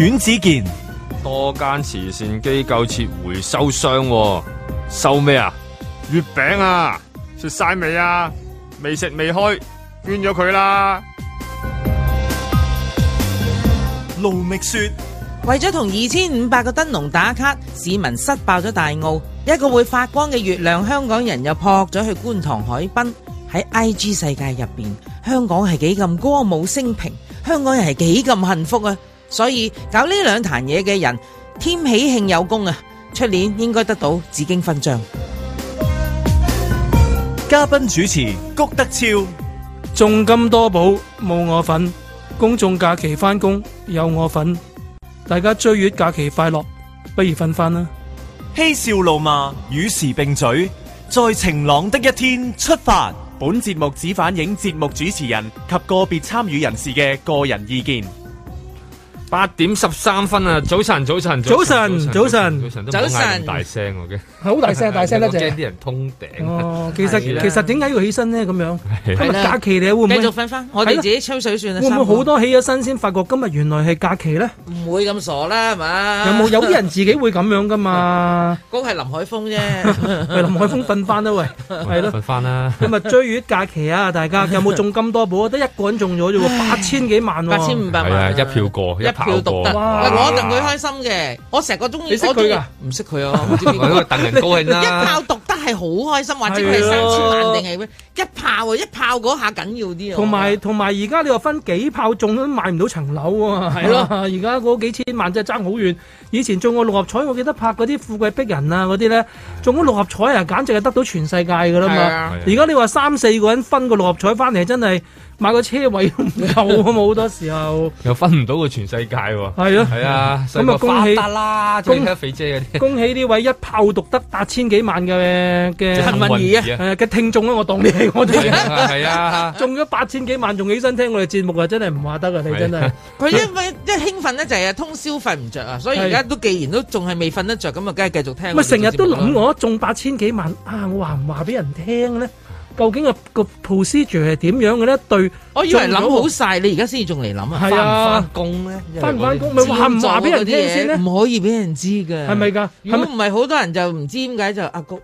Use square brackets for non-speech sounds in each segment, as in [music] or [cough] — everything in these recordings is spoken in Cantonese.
阮子健，多間慈善機構撤回收箱。啊，收咩啊？月餅啊？食晒未啊？未食未開，捐咗佢啦。盧覓雪為咗同二千五百個燈籠打卡，市民失爆咗大澳一個會發光嘅月亮。香港人又撲咗去觀塘海濱，喺 I G 世界入邊，香港係幾咁歌舞升平，香港人係幾咁幸福啊！所以搞呢兩壇嘢嘅人添喜慶有功啊！出年應該得到紫荊勳章。嘉賓主持谷德超，眾金多寶冇我份，公眾假期翻工有我份大家追月假期快樂，不如瞓翻啦！嬉笑怒罵與時並嘴，在晴朗的一天出發。本節目只反映節目主持人及個別參與人士嘅個人意見。八點十三分啊！早晨，早晨，早晨，早晨，早晨，早晨，都冇嗌咁大聲嘅。早晨係好大聲，大聲啦！就驚啲人通頂。哦，其實其實點解要起身咧？咁樣今日假期咧會唔繼續瞓翻？我哋自己吹水算啦。會唔會好多起咗身先發覺今日原來係假期咧？唔會咁傻啦，係嘛？有冇有啲人自己會咁樣噶嘛？嗰個係林海峰啫，係林海峰瞓翻啦喂，係咯，瞓翻啦。今日追月假期啊，大家有冇中金多寶？得一個人中咗啫，八千幾萬喎，八千五百萬，係啊，一票過，一票獨得。哇！我戥佢開心嘅，我成個中意。你識佢噶？唔識佢啊，我喺度等。 [noise] [noise] 一炮獨得係好開心，是或者佢係三千萬定係咩是？一炮啊！一炮嗰下緊要啲啊！同埋同埋，而家你話分幾炮仲都買唔到層樓啊！係咯是的、啊，而家嗰幾千萬真係爭好遠。以前中過六合彩，我記得拍嗰啲富貴逼人啊嗰啲咧，中咗六合彩人、啊、簡直係得到全世界噶啦嘛！而家是的 你話三四個人分個六合彩翻嚟，真係～買個車位都唔夠，我冇好多時候又分唔到個全世界喎。係咯，係啊。咁啊，恭喜發達啦！恭喜肥姐啊！恭喜呢位一炮獨得八千幾萬嘅嘅幸運兒啊！嘅聽眾啊，我當你係我哋啊！係啊！中咗八千幾萬，仲起身聽我哋節目啊！真係唔話得啊！你真係佢因為一興奮咧，就係啊通宵瞓唔著啊，所以而家都既然都仲係未瞓得著，咁啊，梗係繼續聽。咪成日都諗我中八千幾萬啊！我話唔話俾人聽咧？究竟個個 procedure 係點樣嘅咧？對，我以為諗好曬，你而家先至仲嚟諗啊？係啊，翻唔翻工咧？翻唔翻工咪話唔話俾人聽先咧？唔可以俾人知嘅，係咪噶？咁唔係好多人就唔知點解就阿谷，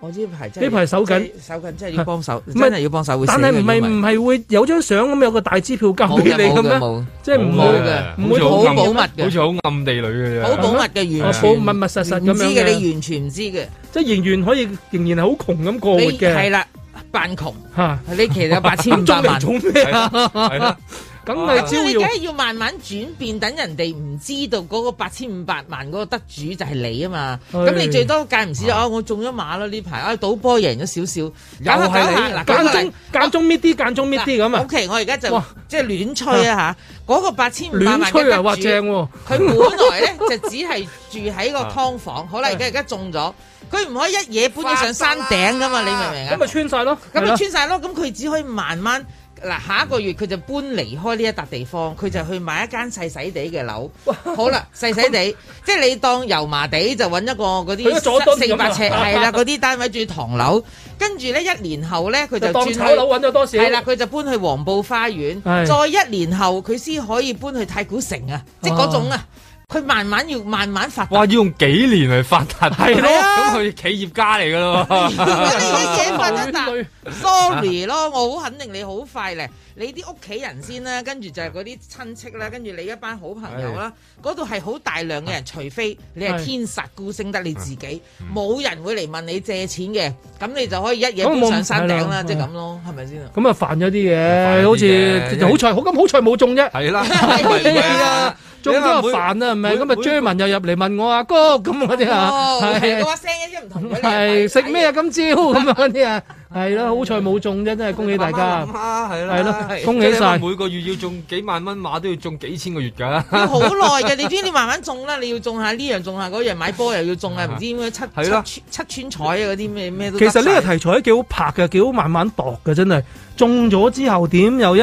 我呢排呢排手緊手緊，真係要幫手，真係要幫手。但係唔係唔係會有張相咁有個大支票交俾你咁咩？即係唔會嘅，唔會好保密嘅，好似好暗地裏嘅，好保密嘅，完全密密實實咁樣嘅，你完全唔知嘅。即係仍然可以，仍然係好窮咁過活嘅，係啦。扮窮嚇，你其實有八千五萬。咁中嚟咩啊？咁咪即係要慢慢轉變，等人哋唔知道嗰個八千五百萬嗰個得主就係你啊嘛。咁你最多介唔少哦，我中咗馬咯呢排，啊賭波贏咗少少，搞下嗱，間中間中搣啲，間中搣啲咁啊。O K，我而家就即係亂吹啊嚇，嗰個八千五百萬嘅得主，佢本來咧就只係住喺個劏房。好啦，而家而家中咗。佢唔可以一嘢搬咗上山頂噶嘛？你明唔明啊？咁咪穿晒咯，咁咪穿晒咯。咁佢只可以慢慢嗱，下一個月佢就搬離開呢一笪地方，佢就去買一間細細地嘅樓。好啦，細細地，即係你當油麻地就搵一個嗰啲四百尺係啦，嗰啲單位住唐樓。跟住咧，一年後咧，佢就當炒樓搵咗多少？係啦，佢就搬去黃埔花園。再一年後，佢先可以搬去太古城啊，即係嗰種啊。佢慢慢要慢慢發達，哇！要用幾年嚟發達，係咯？咁佢企業家嚟㗎咯，慢慢發達。Sorry，咯，我好肯定你好快咧。你啲屋企人先啦，跟住就係嗰啲親戚啦，跟住你一班好朋友啦，嗰度係好大量嘅人，除非你係天煞孤星得你自己，冇人會嚟問你借錢嘅，咁你就可以一夜搬上山頂啦，即係咁咯，係咪先？咁啊煩咗啲嘢，好似好彩好咁好彩冇中啫。係啦，中咗都煩啊，係咪？咁啊 j e 又入嚟問我阿哥咁嗰啲啊，個話聲一啲唔同，係食咩啊今朝咁啊嗰啲啊。係啦，好彩冇中啫，真係恭喜大家。係啦，恭喜晒。每個月要中幾萬蚊馬，都要中幾千個月噶要好耐嘅，你知你慢慢中啦，你要中下呢樣，中下嗰樣，買波又要中啊，唔知咩七七七七彩啊，嗰啲咩咩其實呢個題材都幾好拍嘅，幾好慢慢度嘅，真係。中咗之後點又一，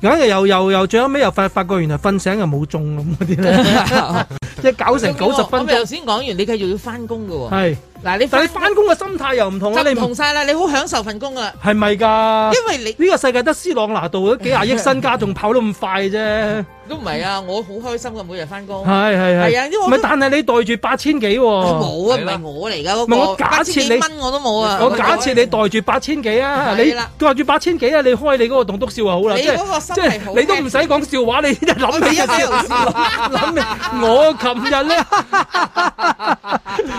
又又又最後尾又發發覺，原來瞓醒又冇中咁嗰啲咧，即係搞成九十分鐘。我頭先講完，你繼續要翻工噶喎。係。嗱你，但翻工嘅心態又唔同啦，你唔同晒啦，你好享受份工呀，係咪噶？因為你呢個世界得斯朗拿度，幾廿億身家仲 [laughs] 跑得咁快啫。都唔係啊！我好開心噶，每日翻工，係係係啊！唔係但係你袋住八千幾喎，冇啊，唔係我嚟噶嗰個。唔係我假設你，我都冇啊。我假設你袋住八千幾啊！你袋住八千幾啊！你開你嗰個棟篤笑就好啦，即係即係你都唔使講笑話，你諗起就知。諗起我琴日咧，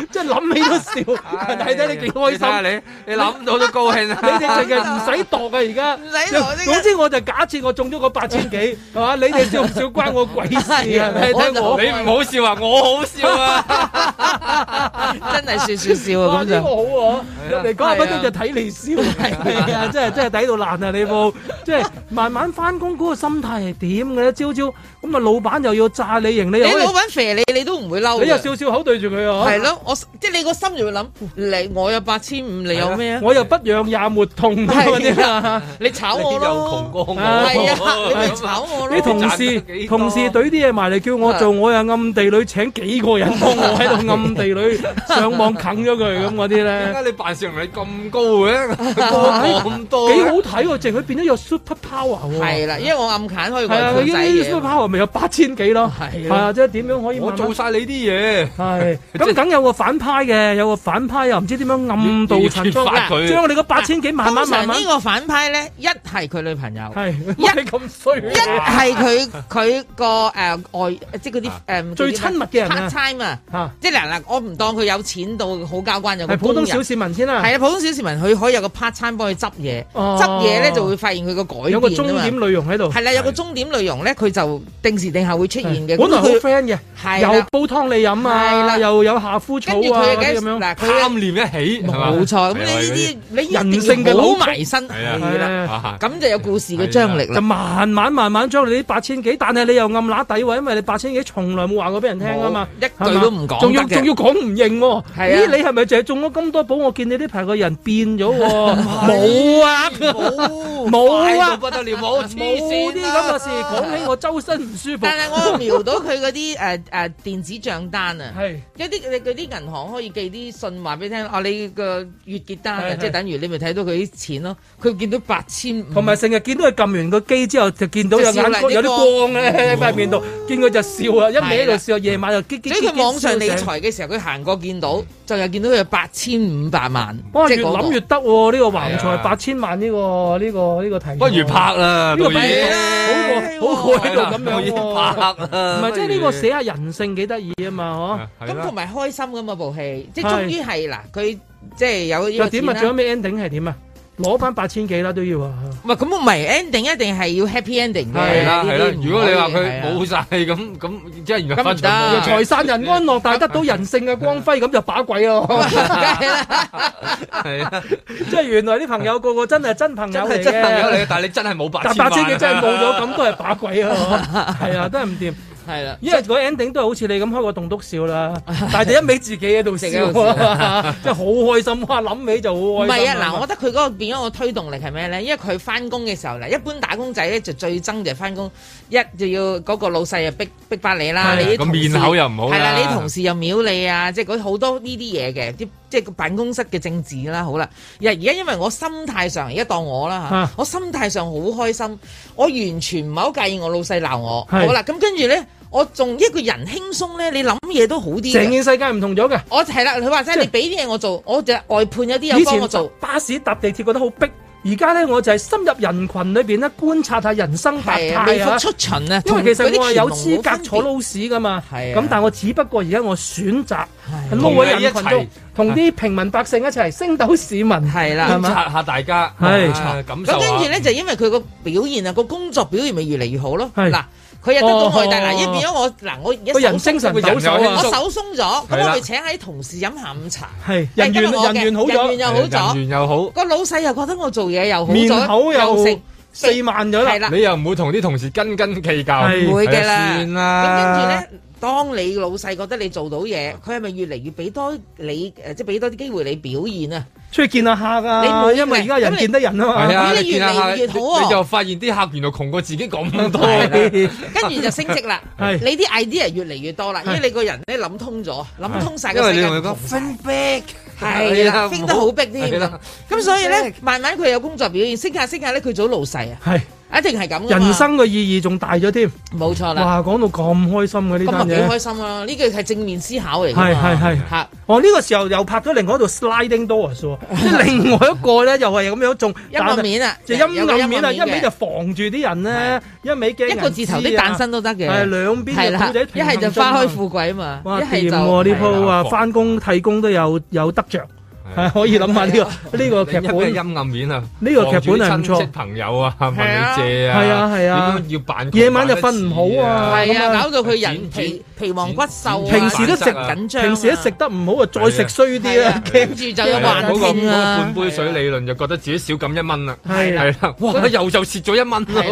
即係諗起都笑。睇睇你幾開心啊！你你諗到都高興。你哋成日唔使度噶，而家唔使度。總之我就假設我中咗個八千幾，係嘛？你哋就唔。關我鬼事啊！你唔好笑啊，我好笑啊！真係笑笑笑啊！好啊！你講下不得就睇你笑，係啊！真係真係抵到爛啊！你部即係慢慢返工嗰個心態係點嘅咧？朝朝咁啊，老闆又要炸你型，你老闆肥你，你都唔會嬲，你又笑笑口對住佢啊？係咯，我即係你個心就會諗，你我有八千五，你有咩啊？我又不養也沒痛，啲啊！你炒我咯，你同事。同事懟啲嘢埋嚟叫我做，我又暗地裏請幾個人幫我喺度暗地裏上網啃咗佢咁嗰啲咧。點解你辦事能力咁高嘅？咁多幾好睇喎，淨佢變咗有 super power。係啦，因為我暗砍可以。係啲 super power 咪有八千幾咯。係，啊，即係點樣可以我做晒你啲嘢。係，咁梗有個反派嘅，有個反派又唔知點樣暗度陳倉，將我哋嘅八千幾慢慢慢慢。通常呢個反派咧，一係佢女朋友，一係佢佢。佢個誒外，即係嗰啲誒最親密嘅人 part time 啊，即係嗱嗱，我唔當佢有錢到好交關就係普通小市民先啦。係啊，普通小市民佢可以有個 part time 幫佢執嘢，執嘢咧就會發現佢個改。有個終點內容喺度。係啦，有個終點內容咧，佢就定時定候會出現嘅。本來好 friend 嘅，又煲湯你飲啊，又有夏枯草，跟住佢啲咁樣，佢暗戀一起。冇錯，咁你呢啲你人性嘅老埋身，係啦，咁就有故事嘅張力啦。就慢慢慢慢將你啲八千幾。但係你又暗拿底位，因為你八千幾從來冇話過俾人聽啊嘛，一句都唔講，仲要仲要講唔認喎。咦，你係咪淨係中咗咁多寶？我見你呢排個人變咗。冇啊，冇冇啊，不得了，冇黐線啲咁嘅事，講起我周身唔舒服。但係我瞄到佢嗰啲誒誒電子賬單啊，係一啲佢啲銀行可以寄啲信話俾你聽，哦，你個月結單啊，即係等於你咪睇到佢啲錢咯。佢見到八千，同埋成日見到佢撳完個機之後，就見到有啲光，喺塊面度，見佢就笑啊，一味喺度笑。夜晚就激激激激。所以佢網上理財嘅時候，佢行過見到，就又見到佢八千五百萬。哇，越諗越得喎！呢個橫財八千萬，呢個呢個呢個題。不如拍啦，呢個好過喺度咁樣。拍唔係即係呢個寫下人性幾得意啊嘛？咁同埋開心咁啊部戲，即係終於係嗱，佢即係有呢個點啊？仲有咩 ending 係點啊？攞翻八千幾啦都要啊！唔係咁，唔係 ending 一定係要 happy ending 嘅。係啦，係啦，如果你話佢冇晒咁咁，即係原來分財散人安樂， [laughs] 但係得到人性嘅光輝，咁的就把鬼咯。即係 [laughs] [laughs] 原來啲朋友個個真係真朋友嚟嘅， [laughs] 但係你真係冇八千。 [laughs] 但八千幾真係冇咗，咁都係把鬼咯。係啊， [laughs] 都係唔掂。係啦，因為個 ending 都係好似你咁開個棟篤笑啦，但係就一味自己喺度笑，即係好開心。哇，諗起就好開心。唔係啊，嗱，我覺得佢嗰個變咗個推動力係咩咧？因為佢翻工嘅時候咧，一般打工仔咧就最憎就翻工，一就要嗰個老細啊逼逼翻你啦，你個面口又唔好，係啦，你同事又藐你啊，即係嗰好多呢啲嘢嘅，即係個辦公室嘅政治啦。好啦，而而家因為我心態上，而家當我啦吓，我心態上好開心，我完全唔係好介意我老細鬧我。好啦，咁跟住咧。我仲一個人輕鬆咧，你諗嘢都好啲。成件世界唔同咗嘅。我係啦，佢話齋你俾啲嘢我做，我就外判有啲人幫我做。巴士搭地鐵，覺得好逼。而家咧我就係深入人群裏邊咧觀察下人生百態，出巡啊，因為其實我係有資格坐勞斯噶嘛。係。咁但係我只不過而家我選擇撈喺人群中，同啲平民百姓一齊，升斗市民觀察下大家。係。咁跟住咧就因為佢個表現啊，個工作表現咪越嚟越好咯。係嗱。佢又得到外帶啦，依變咗我嗱，我一講精神會好，我手鬆咗，咁佢請喺同事飲下午茶，係人緣人緣好咗，人緣又好，個老細又覺得我做嘢又好咗，面口又，四萬咗啦，你又唔會同啲同事斤斤計較，唔會嘅啦，算啦。當你老細覺得你做到嘢，佢係咪越嚟越俾多你？誒，即係俾多啲機會你表現啊！出去見下客啊！你唔係因為而家人見得人啊嘛，啊！你越嚟越好啊！你就發現啲客原來窮過自己咁多，跟住就升職啦。係你啲 idea 越嚟越多啦，因為你個人你諗通咗，諗通曬個世界。分逼係啦，分得好逼添。咁所以咧，慢慢佢有工作表現，升下升下咧，佢做老細啊。係。一定係咁啊！人生嘅意義仲大咗添，冇錯啦。哇，講到咁開心嘅呢段，幾開心啦！呢個係正面思考嚟嘅，係係係。嚇！哦，呢個時候又拍咗另外一套 Sliding Doors 喎，即係另外一個咧，又係咁樣仲陰暗面啊，就陰暗面啊，一面就防住啲人咧，一面驚一個字頭的誕生都得嘅。係兩邊嘅鋪仔平衡中，一係就花開富貴啊嘛。哇！掂喎呢鋪啊，翻工替工都有有得著。係可以諗下呢個呢個劇本陰暗面啊？呢個劇本係唔錯。朋友啊，問你借啊，係啊係啊。要辦夜晚又瞓唔好啊，係啊，搞到佢皮皮黃骨瘦。平時都食緊張，平時都食得唔好啊，再食衰啲啦，夾住就要還命啊！半杯水理論就覺得自己少減一蚊啦，係啦，哇又又蝕咗一蚊，不斷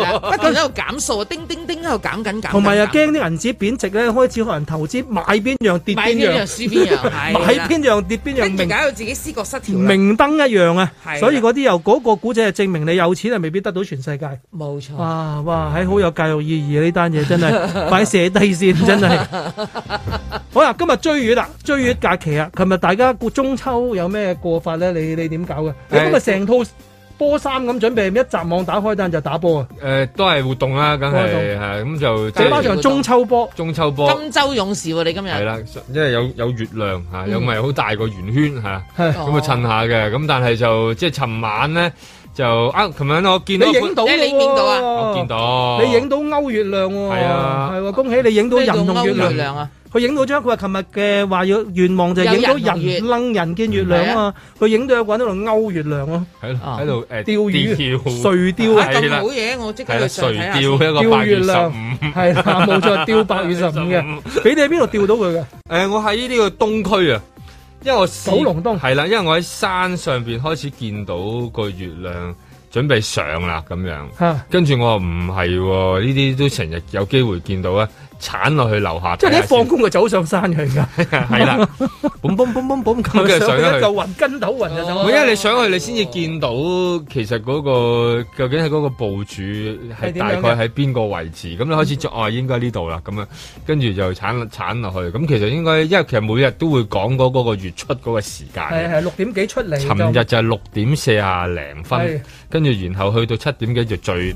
喺度減數，叮叮叮喺度減緊減。同埋又驚啲銀紙貶值咧，開始可能投資買邊樣跌邊樣，買邊樣輸邊樣，買邊樣跌邊樣，跟住而家又自己。呢個失明燈一樣啊，的所以嗰啲又嗰、那個故仔，係證明你有錢，係未必得到全世界。冇錯錯。哇哇，喺、欸、好有教育意義呢單嘢，真係擺 [laughs] 射低線，真係。 [laughs] 好啦，今日追月啦，追月假期啊，琴日，大家過中秋有咩過法咧？你你點搞嘅？你的今日成套波衫咁準備，一集網打開單就打波啊！誒，都係活動啦，梗係係咁就。即係包中秋波。中秋波。金州勇士喎，你今日。係啦，因為有有月亮嚇，有咪好大個圓圈嚇，咁啊襯下嘅。咁但係就即係尋晚咧，就啊，尋晚我見到你影到啦，我見到你影到勾月亮喎，係啊，係恭喜你影到人用月亮啊！佢影到張，佢話琴日嘅話要願望就係影到人掹人見月亮啊嘛，佢影到一個人喺度勾月亮咯，喺喺度誒，釣魚、垂釣係啦，好嘢！我即刻去垂釣一個月亮，五，係啦，冇錯，釣八月十五嘅。你哋喺邊度釣到佢嘅？誒，我喺呢個東區啊，因為我九龍東，係啦，因為我喺山上邊開始見到個月亮，準備上啦咁樣。跟住我話唔係，呢啲都成日有機會見到啊。鏟落去樓下，即係你一放工就走上山去㗎？係啦，嘣嘣嘣咁就上去一嚿雲，筋斗雲就。咁因為你上去，啊、你先至見到其實嗰個究竟係嗰個部署係大概喺邊個，個位置，咁你開始作啊，哦、應該呢度啦，咁啊，跟住就鏟鏟落去，咁其實應該，因為其實每日都會講嗰個月出嗰個時間，係係六點幾出嚟。尋日就係六點四啊零分，跟住的然，然後去到七點幾就最。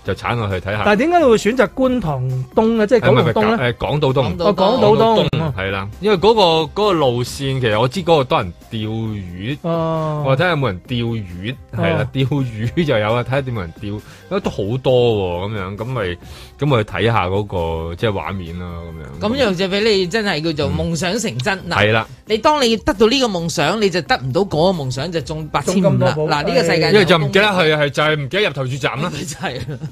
就鏟落去睇下。但係點解你會選擇觀塘東啊？即係港島東咧？誒，港島東。哦，港島東。係啦，因為嗰個個路線，其實我知嗰個多人釣魚。哦。我睇下有冇人釣魚，係啦，釣魚就有啊。睇下點樣人釣，因為都好多喎。咁樣，咁咪咁咪去睇下嗰個即係畫面咯。咁樣。咁樣就俾你真係叫做夢想成真啦。係啦。你當你得到呢個夢想，你就得唔到嗰個夢想，就中八千五啦。嗱，呢個世界因為就唔記得去，係就係唔記得入投注站啦。係。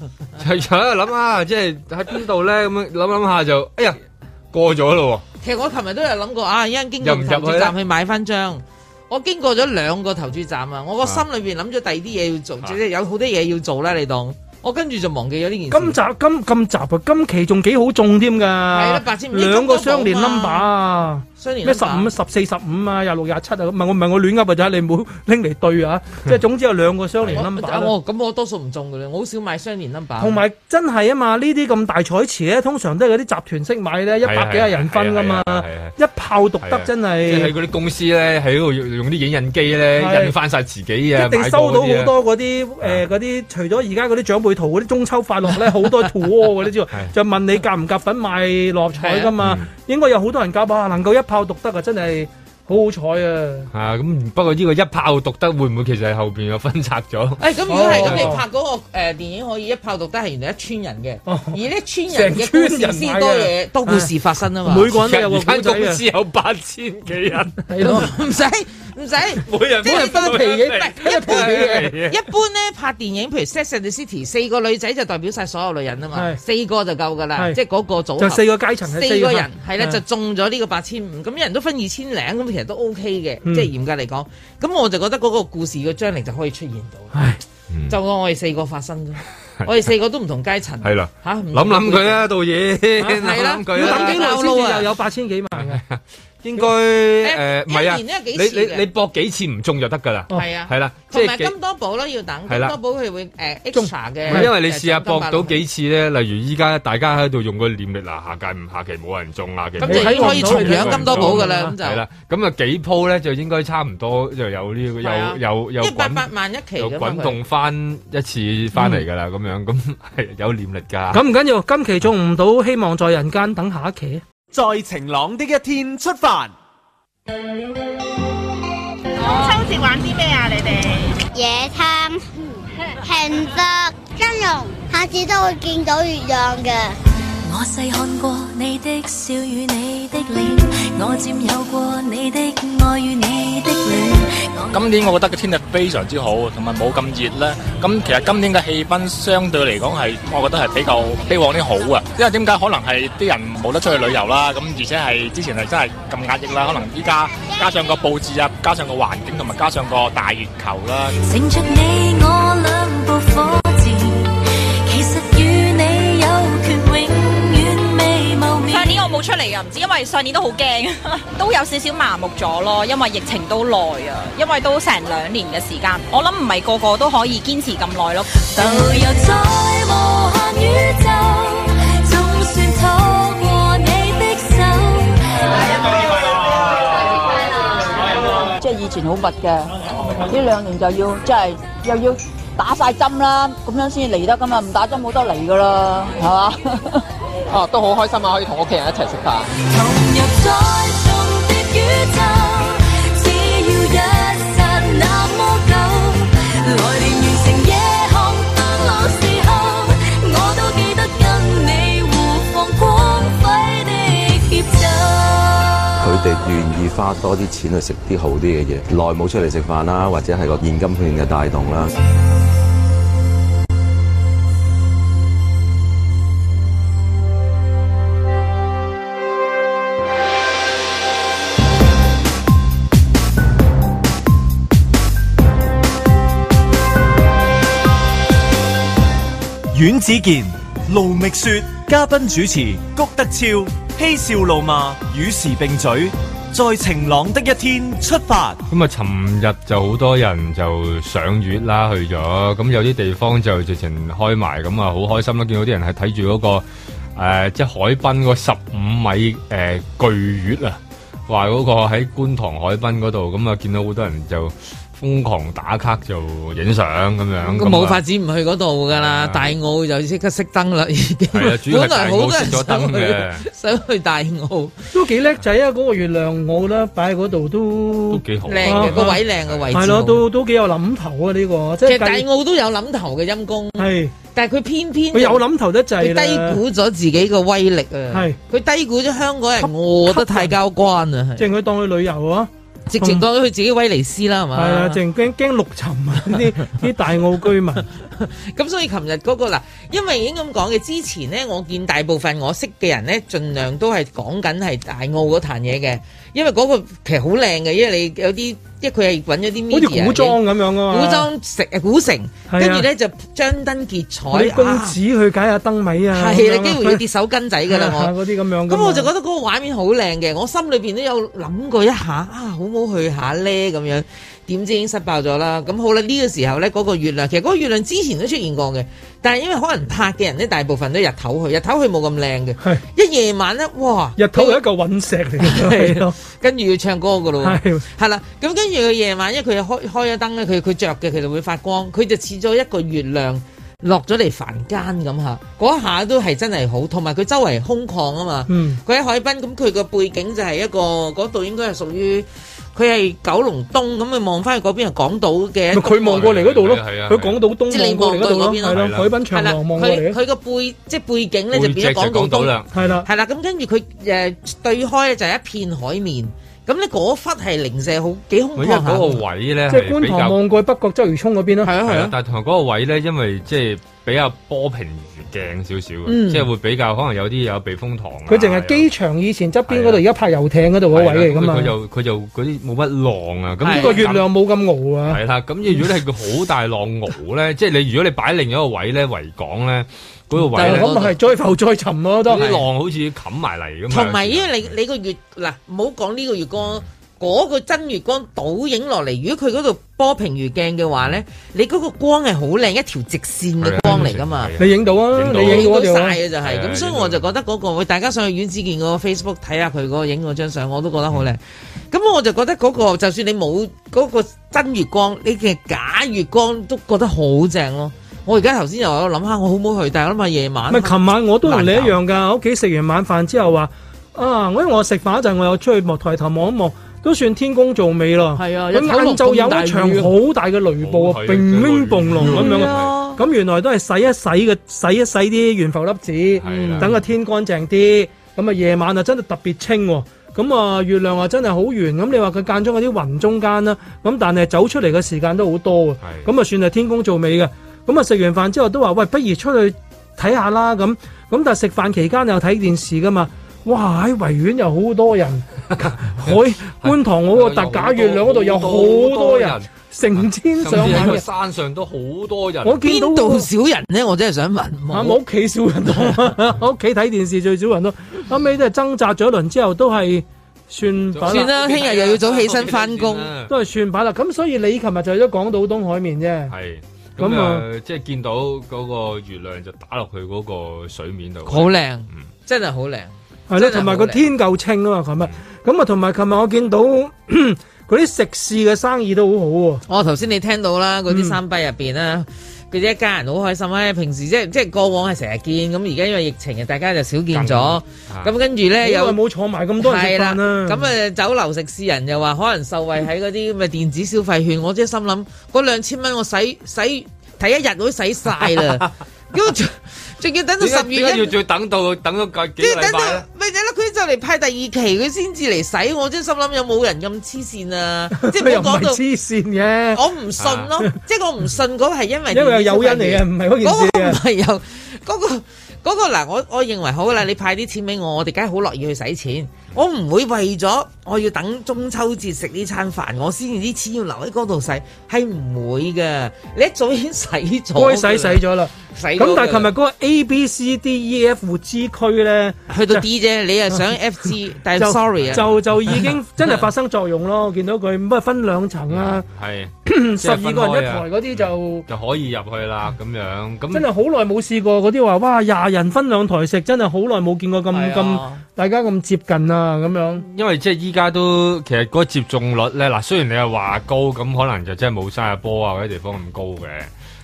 係喺度諗下，即係喺邊度咧？咁樣諗諗下就，哎呀，過咗咯喎！其實我琴日都有諗過啊，一陣經過投注站去買翻張。進進我經過咗兩個投注站啊，我個心裏邊諗咗第二啲嘢要做，啊、即係有好多嘢要做啦。你當、啊、我跟住就忘記咗呢件事。今集？今咁集啊！今期仲幾好中添噶，係啦，八千五，兩個相連 number、啊。咩？十五、十四、十五啊，廿六、廿七啊，唔係我唔係我亂噏啊！就係你唔好拎嚟對啊，即係哼 總之有兩個雙連 number。咁、嗯我，嗯我，嗯我，嗯、我多數唔中嘅咧，我好少買雙連 number。同埋真係啊嘛，呢啲咁大彩池咧，通常都係嗰啲集團式買咧，一百幾廿人分噶嘛，啊啊啊啊、一炮獨得真係、啊啊。即係嗰啲公司咧，喺度用啲影印機咧，印翻晒自己啊。一定、啊啊、收到好多嗰啲誒啲，除咗而家嗰啲長輩圖嗰啲中秋快樂咧，好 [laughs] 多圖嗰啲之外，就問你夾唔夾粉賣六合彩噶嘛。應該有好多人交吧，啊，能夠一炮獨得啊！真係。好彩啊！啊，咁不過呢個一炮獨得會唔會其實係後邊又分拆咗？誒，咁如果係咁，你拍嗰個誒電影可以一炮獨得係原來一村人嘅，而呢村人嘅故事多嘢多故事發生啊嘛。每個人都有個故事，間公司有八千幾人。係咯，唔使唔使，每人分皮嘅，唔係一般嘅。一般咧拍電影，譬如 Sex and City，四個女仔就代表晒所有女人啊嘛，四個就夠噶啦，即係嗰個組就四個階層，四個人係啦，就中咗呢個八千五，咁人都分二千零咁。都 OK 嘅，嗯、即係嚴格嚟講，咁我就覺得嗰個故事嘅將來就可以出現到，嗯、就我我哋四個發生咯，的我哋四個都唔同階層，係啦的，諗諗佢啦，導演，諗佢 [laughs] 啊，要、啊、等幾路又有八千幾萬嘅、啊。 [laughs] [laughs] 應該誒，唔係啊呢？幾你你你博幾次唔中就得噶啦？係啊，係啦，同埋金多寶咯，要等金多寶佢會誒，extra 嘅。因為你試下博到幾次咧，例如依家大家喺度用個念力嗱，下屆唔下期冇人中啊，其實咁你可以重養金多寶噶啦，咁就係啦。咁啊幾鋪咧就應該差唔多就有呢，有有有一百八萬一期咁滾動翻一次翻嚟噶啦，咁樣咁係有念力噶。咁唔緊要，今期中唔到，希望在人間等下一期。在晴朗的一天出發，中秋節玩啲咩啊？你哋野餐、慶祝、金融，下次都會見到月亮嘅。我細看過你的笑與你的臉，我佔有過你的愛與你的戀。今年我覺得嘅天氣非常之好，同埋冇咁熱咧。咁其實今年嘅氣氛相對嚟講係，我覺得係比較希望啲好啊。因為點解？可能係啲人冇得出去旅遊啦。咁而且係之前係真係咁壓抑啦。可能依家加上個佈置啊，加上個環境，同埋加上個大月球啦。冇出嚟啊！唔知，因為上年都好驚，都有少少麻木咗咯。因為疫情都耐啊，因為都成兩年嘅時間，我諗唔係個個都可以堅持咁耐咯。即係以前好密嘅，呢兩年就要即係又要打晒針啦，咁樣先至嚟得噶嘛，唔打針冇得嚟噶啦，係嘛？哦、啊，都好開心啊，可以同屋企人一齊食飯。佢哋 [music] 願意花多啲錢去食啲好啲嘅嘢，耐冇出嚟食飯啦，或者係個現金券嘅帶動啦。阮子健、盧覓雪、嘉賓主持谷德昭、嬉笑怒罵、與時並嘴、在晴朗的一天出發。咁啊，尋日就好多人就賞月啦，去咗。咁有啲地方就直情開埋，咁啊，好開心啦！見到啲人係睇住嗰個誒、呃，即係海濱嗰十五米誒、呃、巨月啊，話嗰、那個喺觀塘海濱嗰度，咁、嗯、啊，見到好多人就。瘋狂打卡就影相咁樣，冇法子，唔去嗰度噶啦。大澳就即刻熄燈啦已經。本來好多人想去，想去大澳，都幾叻仔啊！嗰個月亮澳啦，擺喺嗰度都都幾好，靚嘅個位，靚嘅位置。係咯，都都幾有諗頭啊！呢個其實大澳都有諗頭嘅陰功。係，但係佢偏偏佢有諗頭得滯，佢低估咗自己嘅威力啊！係，佢低估咗香港人，我覺得太交關啊！即係佢當去旅遊啊！直情當咗佢自己威尼斯啦，係嘛？係啊，直情驚驚陸沉啊！啲啲大澳居民。咁所以琴日嗰個啦，因為已經咁講嘅，之前咧，我見大部分我識嘅人咧，盡量都係講緊係大澳嗰壇嘢嘅。因為嗰個其實好靚嘅，因為你有啲，因為佢係揾咗啲，好似古裝咁樣啊，嘛，古裝城啊古城，跟住咧就張燈結綵，公子去解下燈謎啊，係啦、啊，機、啊、會要跌手巾仔噶啦，啊、我嗰啲咁樣。咁我就覺得嗰個畫面好靚嘅，我心裏邊都有諗過一下啊，好唔好去下咧？咁樣。點知已經失爆咗啦，咁好啦，呢、這個時候咧，嗰、那個月亮，其實嗰個月亮之前都出現過嘅，但係因為可能拍嘅人咧，大部分都日頭去，日頭去冇咁靚嘅，的一夜晚咧，哇，日頭係一個隕石嚟嘅，的的跟住要唱歌噶咯，係啦的，咁跟住佢夜晚，因為佢開開咗燈咧，佢佢着嘅佢就會發光，佢就似咗一個月亮落咗嚟凡間咁吓，嗰下,下都係真係好，同埋佢周圍空曠啊嘛，佢喺、嗯、海濱，咁佢個背景就係一個嗰度、那個、應該係屬於。佢係，九龍東，咁佢望翻去嗰邊係港島嘅。佢望過嚟嗰度咯，佢港島東望過嚟嗰邊咯。海濱長望望佢，佢個背即係背景咧，就變咗港島東。係啦，係啦。咁跟住佢誒對開就係一片海面。咁咧，嗰忽係零舍好幾空闊。個位咧，即係觀塘望過去北角鰂魚涌嗰邊咯。係啊係啊。但係同埋嗰個位咧，因為即係比較波平。鏡少少嘅，即係會比較可能有啲有避風塘。佢淨係機場以前側邊嗰度，而家泊遊艇嗰度位嚟噶嘛。佢就佢就嗰啲冇乜浪啊。咁呢個月亮冇咁傲啊。係啦，咁如果你係個好大浪傲咧，即係你如果你擺另一個位咧，維港咧嗰個位，但係咪係再浮再沉咯，都啲浪好似冚埋嚟咁。同埋因為你你個月嗱，唔好講呢個月光。嗰個真月光倒影落嚟，如果佢嗰度波平如鏡嘅話咧，你嗰個光係好靚一條直線嘅光嚟㗎嘛？你影到啊，你影到曬啊就係，咁的的所以我就覺得嗰、那個，大家上去阮子健個 Facebook 睇下佢嗰個影嗰張相，我都覺得好靚。咁、嗯、我就覺得嗰、那個，就算你冇嗰個真月光，你嘅假月光都覺得好正咯。我而家頭先又有諗下，我好唔好去？但係諗下夜晚。咪琴是晚我都同你一樣㗎，喺屋企食完晚飯之後話啊，我因為我食飯嗰陣，我有出去望，抬頭望一望。都算天公造美咯，咁晏就有一場好大嘅雷暴啊，乒乒蹦隆咁樣咁、啊、原來都係洗一洗嘅，洗一洗啲懸浮粒子，啊、等個天乾淨啲。咁啊夜晚啊真係特別清，咁啊月亮啊真係好圓。咁你話佢間中嗰啲雲中間啦，咁但係走出嚟嘅時間都好多，咁啊算係天公造美嘅。咁啊食完飯之後都話喂，不如出去睇下啦，咁咁但係食飯期間又睇電視㗎嘛。哇！喺維園又好多人，海觀塘嗰個特假月亮嗰度有好多人，成千上萬嘅山上都好多人。我見到邊度少人咧？我真係想問。我屋企少人咯，我屋企睇電視最少人咯。咁尾都係掙扎咗一輪之後，都係算。算啦，聽日又要早起身翻工都係算罷啦。咁所以你琴日就去咗港島東海面啫。係咁啊，即係見到嗰個月亮就打落去嗰個水面度，好靚，真係好靚。係同埋個天夠清啊嘛，琴日咁啊，同埋琴日我見到嗰啲食肆嘅生意都好好喎。哦，頭先你聽到啦，嗰啲三伯入邊啦，佢哋一家人好開心咧。平時即即過往係成日見，咁而家因為疫情啊，大家就少見咗。咁跟住咧又冇坐埋咁多人食飯啦。咁啊，酒樓食肆人又話可能受惠喺嗰啲咁嘅電子消費券，嗯、我即係心諗嗰兩千蚊我使使睇一日我都使晒啦。 [laughs] [laughs] 仲要等到十月一，要再等到等到幾幾萬？咪就咯，佢就嚟派第二期佢先至嚟使，我真心諗有冇人咁黐線啊？即係都講到黐線嘅，我唔信咯，即係我唔信嗰個係因為因為有因嚟嘅，唔係嗰件事啊。嗰個咪又嗰個個嗱，我我認為好啦，你派啲錢俾我，我哋梗係好樂意去使錢，我唔會為咗。我要等中秋節食呢餐飯，我先至啲錢要留喺嗰度使，係唔會嘅。你一早已經使咗，該使使咗啦。使咁了但係琴日嗰個 A B C D E F G 區咧，去到 D 啫，就你又想 F G， [laughs] 但係 sorry 啊，就就，就已經真係發生作用咯。我見到佢，乜分兩層啊？係十二個人一台嗰啲就就，就可以入去啦，咁樣。真係好耐冇試過嗰啲話，哇！廿人分兩台食，真係好耐冇見過咁咁、啊、大家咁接近啊，咁樣。因為即係依家。而家都其實個接種率咧，嗱雖然你係話高，咁可能就真係冇沙亞波啊或者地方咁高嘅，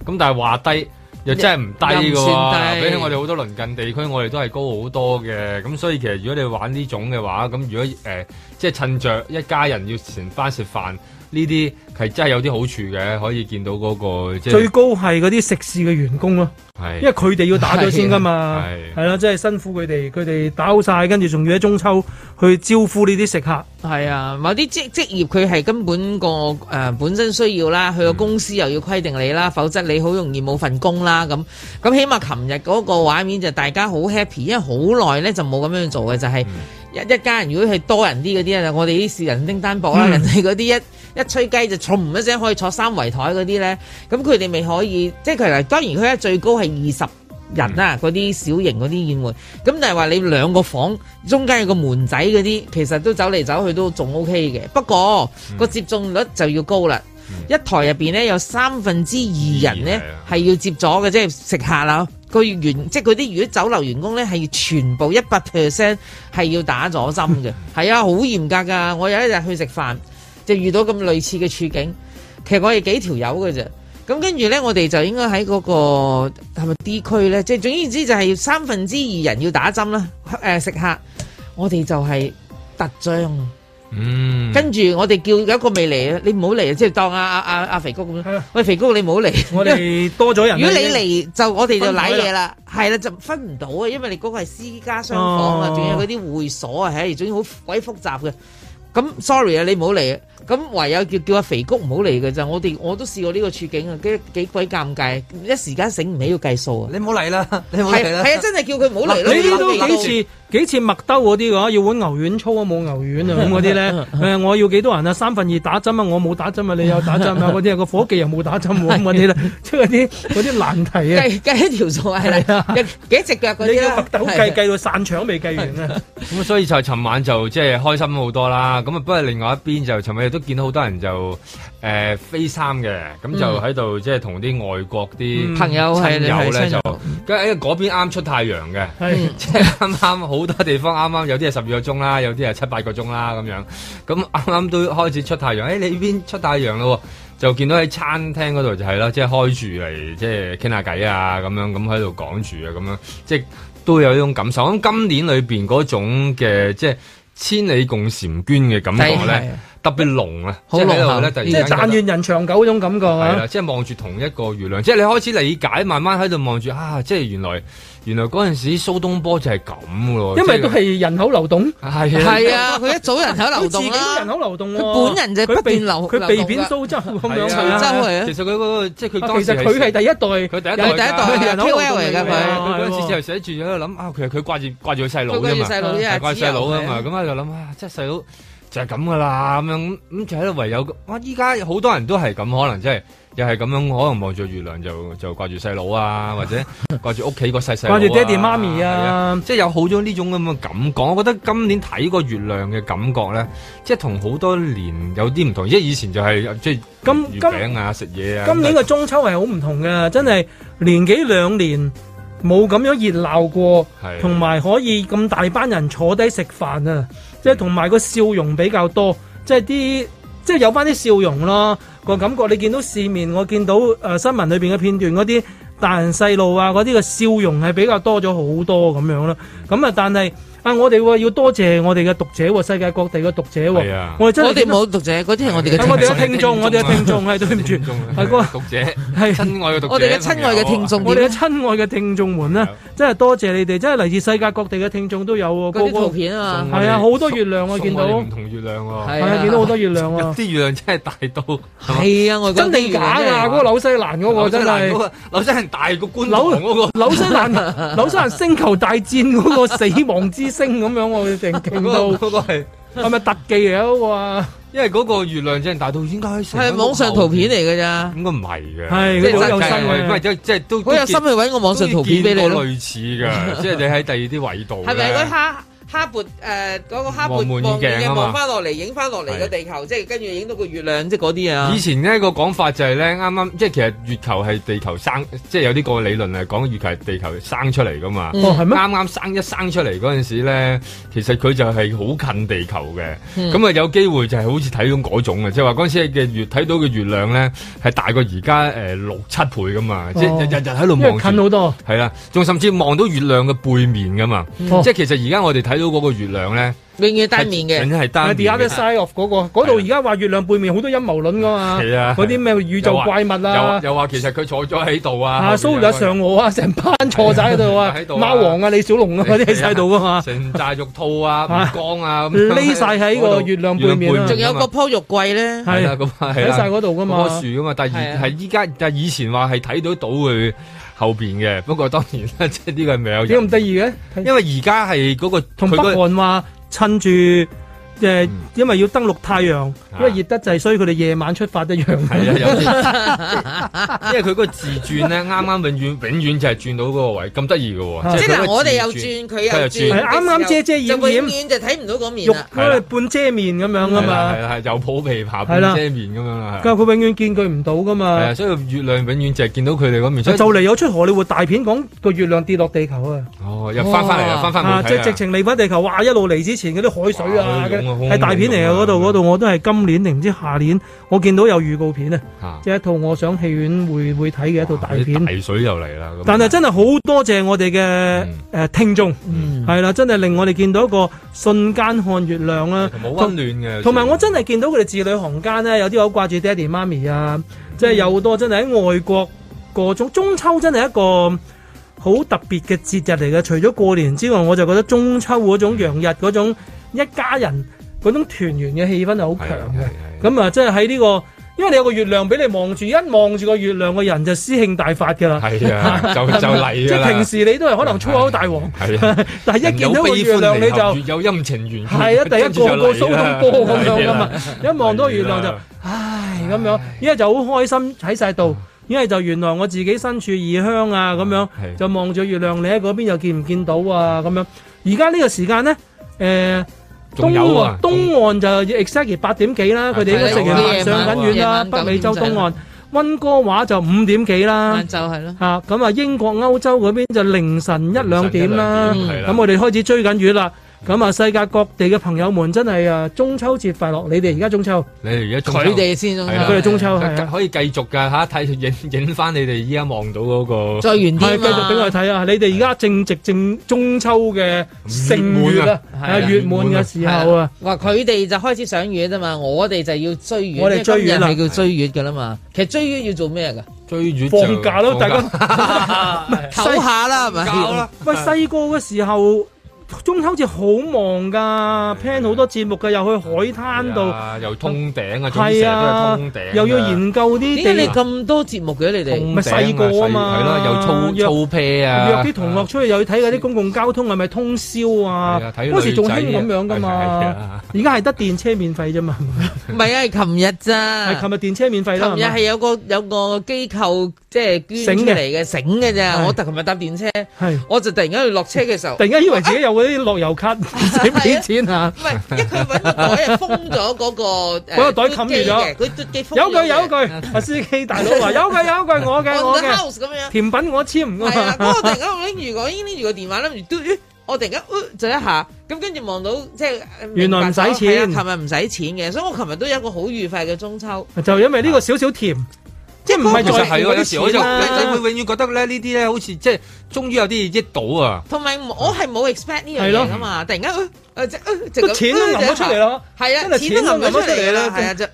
咁但係話低又真係唔低嘅喎、啊，比起我哋好多鄰近地區，我哋都係高好多嘅，咁所以其實如果你玩呢種嘅話，咁如果誒、呃、即係趁着一家人要成班食飯。呢啲係真係有啲好處嘅，可以見到嗰個最高係嗰啲食肆嘅員工咯，因為佢哋要打咗先㗎嘛，係咯，真係辛苦佢哋，佢哋打好晒，跟住仲要喺中秋去招呼呢啲食客。係啊，某啲職職業佢係根本個誒本身需要啦，佢個公司又要規定你啦，否則你好容易冇份工啦咁。咁起碼琴日嗰個畫面就大家好 happy，因為好耐咧就冇咁樣做嘅，就係一一家人如果係多人啲嗰啲咧，我哋啲係人丁單薄啦，人哋嗰啲一。一吹雞就嘈唔一聲，可以坐三圍台嗰啲呢。咁佢哋咪可以，即係佢哋當然佢一最高係二十人啊。嗰啲、嗯、小型嗰啲宴會。咁但係話你兩個房間中間有個門仔嗰啲，其實都走嚟走去都仲 O K 嘅。不過、嗯、個接種率就要高啦，嗯、一台入邊呢，有三分之二人呢係要接咗嘅，即係食客啦。個員即係嗰啲如果酒樓員工咧係要全部一百 percent 係要打咗針嘅，係、嗯、啊，好嚴格㗎。我有一日去食飯。就遇到咁類似嘅處境，其實我哋幾條友嘅啫。咁跟住咧，我哋就應該喺嗰、那個係咪 D 區咧？即係總言之，就係三分之二人要打針啦。誒、呃、食客，我哋就係特將。嗯。跟住我哋叫有一個未嚟啊，你唔好嚟啊！即係當阿阿阿阿肥哥咁樣。係、啊、喂，肥哥，你唔好嚟。我哋多咗人了。如果你嚟，經就我哋就攋嘢啦。係啦、啊，就分唔到啊，因為你嗰個係私家商房啊，仲、哦、有嗰啲會所啊，係總之好鬼複雜嘅。咁，sorry 啊，你唔好嚟啊。咁唯有叫叫阿肥谷唔好嚟㗎咋，我哋我都試過呢個處境啊，幾幾鬼尷尬，一時間醒唔起要計數啊！你唔好嚟啦，你唔好嚟啦！係啊，真係叫佢唔好嚟啦！你呢啲都幾次幾次麥兜嗰啲㗎，要碗牛丸粗啊，冇牛丸啊咁嗰啲咧？誒，我要幾多人啊？三分二打針啊，我冇打針啊，你有打針啊？嗰啲啊，個夥計又冇打針喎，咁嗰啲啦，即係啲嗰啲難題啊！計計一條數係啊，幾隻腳嗰啲啊？麥兜計計到散場都未計完啊！咁啊，所以就係尋晚就即係開心好多啦。咁啊，不過另外一邊就尋晚。都見到好多人就誒、呃、飛衫嘅，咁就喺度即係同啲外國啲朋友親友咧，嗯、就跟喺嗰邊啱出太陽嘅，嗯、即係啱啱好多地方啱啱有啲係十二個鐘啦，有啲係七八個鐘啦咁樣，咁啱啱都開始出太陽。誒、欸，你呢邊出太陽咯，就見到喺餐廳嗰度就係、是、啦，即係開住嚟，即係傾下偈啊，咁樣咁喺度講住啊，咁樣即係都有呢種感受。咁今年裏邊嗰種嘅即係千里共嬋娟嘅感覺咧。特別濃啊，即係喺度咧，突然間，即係但願人長久嗰種感覺。係啦，即係望住同一個月亮，即係你開始理解，慢慢喺度望住啊，即係原來原來嗰陣時蘇東坡就係咁噶咯，因為都係人口流動，係啊係啊，佢一早人口流動啦，人口流動，佢本人就不斷流，佢被貶蘇州咁樣，徐州嚟嘅。其實佢嗰個即係佢，其實佢係第一代，佢第一代係第一代 QL 嚟噶，佢嗰陣時就寫住喺度諗啊，其實佢掛住掛住佢細佬啊嘛，掛住細佬啊嘛，掛住細佬啊嘛，咁啊就諗啊，即係細佬。就係咁噶啦，咁樣咁就喺度。唯有我依家好多人都係咁，可能即係又係咁樣，可能望住月亮就就掛住細佬啊，或者掛住屋企個細細掛住爹哋媽咪啊，即係、 [laughs] 啊啊就是、有好咗呢種咁嘅感覺。我覺得今年睇個月亮嘅感覺咧，即係同好多年有啲唔同，即以前就係即係月餅啊、食嘢今啊。今年嘅中秋係好唔同嘅， [laughs] 真係年幾兩年冇咁樣熱鬧過，同埋的可以咁大班人坐低食飯啊。即同埋個笑容比較多，即係啲即係有翻啲笑容咯個感覺。你見到市面，我見到誒、呃、新聞裏邊嘅片段嗰啲大人細路啊，嗰啲個笑容係比較多咗好多咁樣咯。咁啊，但係。啊！我哋要多謝我哋嘅讀者，世界各地嘅讀者，我哋真係我哋冇讀者，嗰啲係我哋嘅聽眾。我哋嘅聽眾係對唔住，大哥讀者係親愛嘅讀者，我哋嘅親愛嘅聽眾，我哋嘅親愛嘅聽眾們咧，真係多謝你哋，真係嚟自世界各地嘅聽眾都有喎。嗰啲圖片啊，係啊，好多月亮我見到唔同月亮喎，係啊，見到好多月亮喎，啲月亮真係大到係啊，我真定假啊？嗰個紐西蘭嗰個真係紐西蘭大個觀塘嗰個紐西蘭，紐西蘭星球大戰嗰個死亡之。升咁樣，我哋定到嗰個係係咪特技嚟啊？哇、嗰個！因為嗰個月亮正大到應該係網上圖片嚟㗎咋，應該唔係嘅。係好唉有心即，即係都好有心去搵個網上圖片俾你咯。類似嘅， [laughs] 即係你喺第二啲位度係咪？哈勃誒，嗰、呃那個哈勃望嘅望翻落嚟，影翻落嚟個地球，即係跟住影到個月亮，即係嗰啲啊。以前呢個講法就係、是、咧，啱啱即係其實月球係地球生，即係有啲個理論係講月球係地球生出嚟噶嘛。哦，係咩？係啱啱生一生出嚟嗰陣時咧，其實佢就係好近地球嘅。咁啊、嗯，嗯、有機會就係好似睇到嗰種嘅，即係話嗰陣時嘅月睇到嘅月亮咧，係大過而家誒六七倍噶嘛。哦、即係日日日喺度望，因為近好多。係啦，仲甚至望到月亮嘅背面噶嘛。嗯哦、即係其實而家我哋睇到。嗰個月亮咧，永遠單面嘅，真係單。the other side of 嗰度而家話月亮背面好多陰謀論噶嘛？係啊，嗰啲咩宇宙怪物啊，又話其實佢坐咗喺度啊，蘇格上我啊，成班坐晒喺度啊，貓王啊，李小龍啊，嗰啲喺晒度噶嘛，成大玉兔啊，吳剛啊，咁匿晒喺個月亮背面，仲有個棵玉桂咧，係啊，咁啊，喺晒嗰度噶嘛，棵樹噶嘛，但係係依家就以前話係睇到到佢。後邊嘅，不過當然啦，即係呢個未有人，有咁得意嘅，因為而家係嗰個同北韓話趁住。誒，因為要登陸太陽，因為熱得滯，所以佢哋夜晚出發一樣。係啊，有啲，因為佢個自轉咧，啱啱永遠永遠就係轉到嗰個位，咁得意嘅。即係我哋又轉，佢又轉，係啱啱遮遮掩掩，就永遠就睇唔到個面肉，我哋半遮面咁樣啊嘛，係啦係啦，猶抱琵琶，係遮面咁樣啊。佢永遠見佢唔到噶嘛。所以月亮永遠就係見到佢哋嗰面。就嚟有出荷里活大片講個月亮跌落地球啊！哦，又返返嚟啦，返返嚟。即係直情離開地球，哇！一路嚟之前嗰啲海水啊，係 [music] 大片嚟嘅，嗰度度我都係今年定唔知下年，我見到有預告片啊！即係一套我想戲院會會睇嘅一套大片。提水又嚟啦！但係真係好多謝我哋嘅誒聽眾，係啦、嗯，真係令我哋見到一個瞬間看月亮啦，好溫暖嘅。同埋我真係見到佢哋字裏行間咧，有啲好掛住爹哋媽咪啊！即係有多真係喺外國過中中秋，真係一個好特別嘅節日嚟嘅。除咗過年之外，我就覺得中秋嗰種陽日嗰種一家人。嗯嗰種團圓嘅氣氛係好強嘅，咁啊，即係喺呢個，因為你有個月亮俾你望住，一望住個月亮，個人就詩興大發噶啦。係啊，就嚟啦。即係平時你都係可能粗口大王，但係一見到個月亮你就有陰晴圓缺。係啊，第一個個蘇東坡咁樣啦嘛，一望到月亮就唉咁樣，一係就好開心喺晒度，一係就原來我自己身處異鄉啊咁樣，就望住月亮，你喺嗰邊又見唔見到啊咁樣？而家呢個時間呢。誒。東岸、啊、東岸就 exactly 八點幾啦，佢哋應該食完飯上緊院啦。啊、北美洲東岸，溫哥華就五點幾啦。晏晝係啦。嚇咁啊！英國歐洲嗰邊就凌晨一兩點啦。咁我哋開始追緊魚啦。咁啊，世界各地嘅朋友們真係啊，中秋節快樂！你哋而家中秋，你哋而家中秋，佢哋先，佢哋中秋可以繼續噶吓，睇影影翻你哋依家望到嗰個，再遠啲啦，繼續俾我睇啊！你哋而家正值正中秋嘅盛月啊，月滿嘅時候啊，哇，佢哋就開始賞月啫嘛，我哋就要追月，我哋追月啦，係叫追月噶啦嘛。其實追月要做咩噶？追月放假咯，大家唞下啦，係咪？喂，細個嘅時候。中秋節好忙噶，plan 好多節目噶，又去海灘度，又通頂啊！中意成日都係通頂，又要研究啲。點解你咁多節目嘅你哋？唔係細個啊嘛，係咯，又燥約啊，約啲同學出去又去睇嗰啲公共交通，係咪通宵啊？嗰時仲興咁樣噶嘛？而家係得電車免費啫嘛？唔係啊，係琴日咋？係琴日電車免費啦。琴日係有個有個機構即係捐出嚟嘅，省嘅咋？我特琴日搭電車，我就突然間落車嘅時候，突然間以為自己有。嗰啲樂悠卡使唔使是、啊、錢啊！唔係，一佢搵個袋封咗嗰個，個袋冚住咗。佢封，有句有句，阿司機大佬話： [laughs] 有句有句，我嘅我嘅。甜品我簽唔。係啊，咁我突然間拎住個拎住個電話，諗住嘟，我突然間就一下，咁跟住望到即係。原來唔使錢。係琴日唔使錢嘅，所以我琴日都有一個好愉快嘅中秋。就因為呢個少少甜。即係唔係，其實係喎，有時我就真係會永遠覺得咧，呢啲咧好似即係終於有啲益到啊！同埋我係冇 expect 呢樣嘢噶嘛，突然間誒，即係錢都流咗出嚟咯，係啊，錢都流咗出嚟啦，係啊，就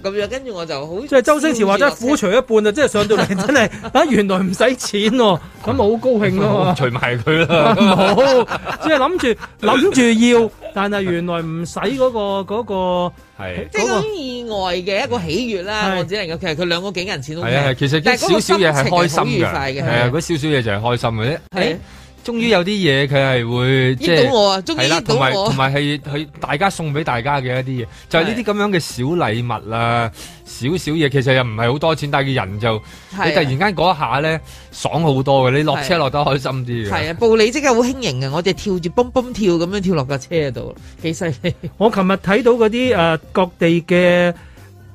咁樣跟住我就好。即係周星馳話齋苦除一半啊，即係上到嚟真係，吓原來唔使錢喎，咪好高興咯，除埋佢啦，好，即係諗住諗住要，但係原來唔使嗰個嗰個。係，那個、即係，意外嘅一個喜悅啦，是我只能夠。其實佢兩個幾銀錢都，係啊，其實少少嘢係開心嘅，係啊，嗰少少嘢就係開心嘅啫。終於有啲嘢，佢係會即係，係啦，同埋同埋係佢大家送俾大家嘅一啲嘢，就係呢啲咁樣嘅小禮物啦，啊，少少嘢，其實又唔係好多錢，但係佢人就是的 你突然間嗰一下咧，爽好多嘅，你落車落得開心啲嘅。係啊，暴力即刻好輕盈嘅，我哋跳住蹦蹦跳咁樣跳落架車度，幾犀利。我琴日睇到嗰啲誒各地嘅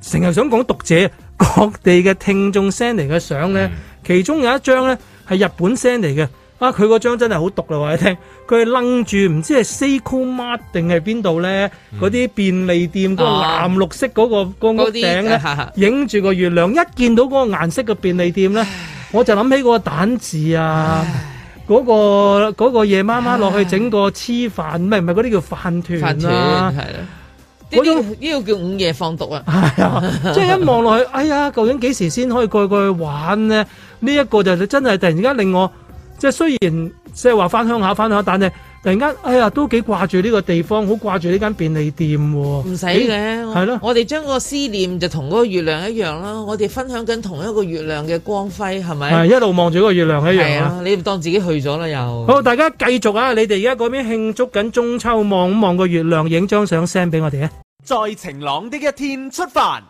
成日想講讀者各地嘅聽眾聲嚟嘅相咧，嗯、其中有一張咧係日本聲嚟嘅。啊！佢嗰張真係好毒啦，話你聽，佢係擸住唔知係 Seicomart 定係邊度咧？嗰啲便利店嗰個藍綠色嗰個個屋頂咧，影住個月亮。一見到嗰個顏色嘅便利店咧，我就諗起嗰個蛋字啊，嗰個個夜媽媽落去整個黐飯，唔係，唔係嗰啲叫飯團啦。係呢個呢個叫午夜放毒啊！即係一望落去，哎呀，究竟幾時先可以過過去玩呢？呢一個就真係突然間令我。即係雖然即係話翻鄉下翻下，但係突然間哎呀，都幾掛住呢個地方，好掛住呢間便利店喎。唔使嘅，係咯、欸。我哋將個思念就同嗰個月亮一樣啦。我哋分享緊同一個月亮嘅光輝，係咪？係一路望住個月亮一樣啦、啊。你當自己去咗啦，又好。大家繼續啊！你哋而家嗰邊慶祝緊中秋，望望個月亮，影張相 send 俾我哋啊！在晴朗的一天出發。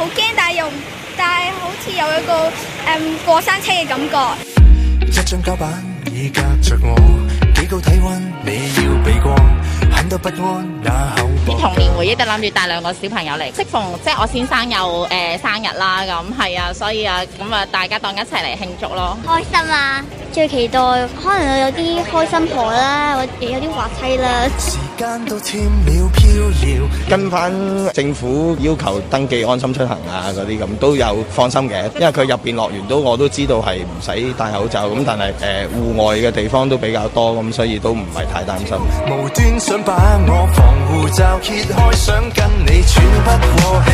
好驚，但係又，但係好似有一個誒、um，過山車嘅感覺，一張膠板已隔着我，幾高體溫你要避過。啲童 [music] 年回憶都諗住帶兩個小朋友嚟，適逢即係、就是、我先生又誒、呃、生日啦，咁係啊、嗯，所以啊咁啊，大家當一齊嚟慶祝咯，開心啊！最期待可能有啲開心婆啦，我有啲滑梯啦。時間都千秒飄搖， [laughs] 跟翻政府要求登記安心出行啊，嗰啲咁都有放心嘅，因為佢入邊樂園都我都知道係唔使戴口罩，咁但係誒戶外嘅地方都比較多，咁所以都唔係太擔心。 [laughs] 無端想 [laughs] 把我防護罩揭開，想跟你喘不過氣，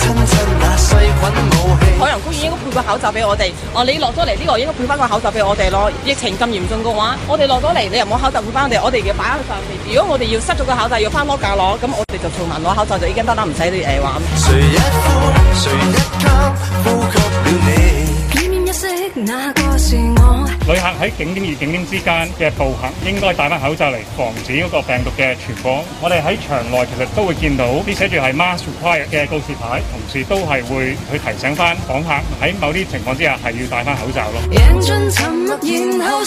親親那細菌武器。海洋公園應該配個口罩俾我哋。哦，你落咗嚟呢個應該配翻個口罩俾我哋咯。疫情咁嚴重嘅話，我哋落咗嚟，你又冇口罩配翻我哋，我哋嘅擺喺上面。如果我哋要塞咗個口罩要翻屋企攞，咁我哋就做埋攞口罩就已經得啦，唔、呃、使你誒話。那個是我旅客喺景點與景點之間嘅步行，應該戴翻口罩嚟防止呢個病毒嘅傳播。我哋喺場內其實都會見到，啲寫住係 Mask Required 嘅告示牌，同時都係會去提醒翻訪客喺某啲情況之下係要戴翻口罩咯。然後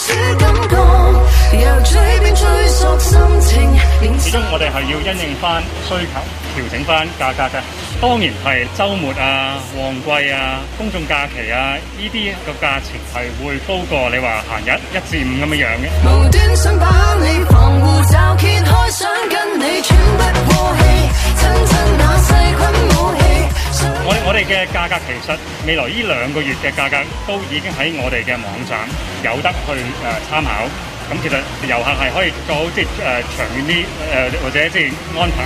由嘴追心情始終我哋係要因應翻需求，調整翻價格嘅。當然係週末啊、旺季啊、公眾假期啊，呢啲個價錢係會高過你話閒日一至五咁嘅樣嘅。我我哋嘅價格其實未來呢兩個月嘅價格都已經喺我哋嘅網站有得去誒參考。咁其實遊客係可以做好即係誒長遠啲誒，或者即係安排。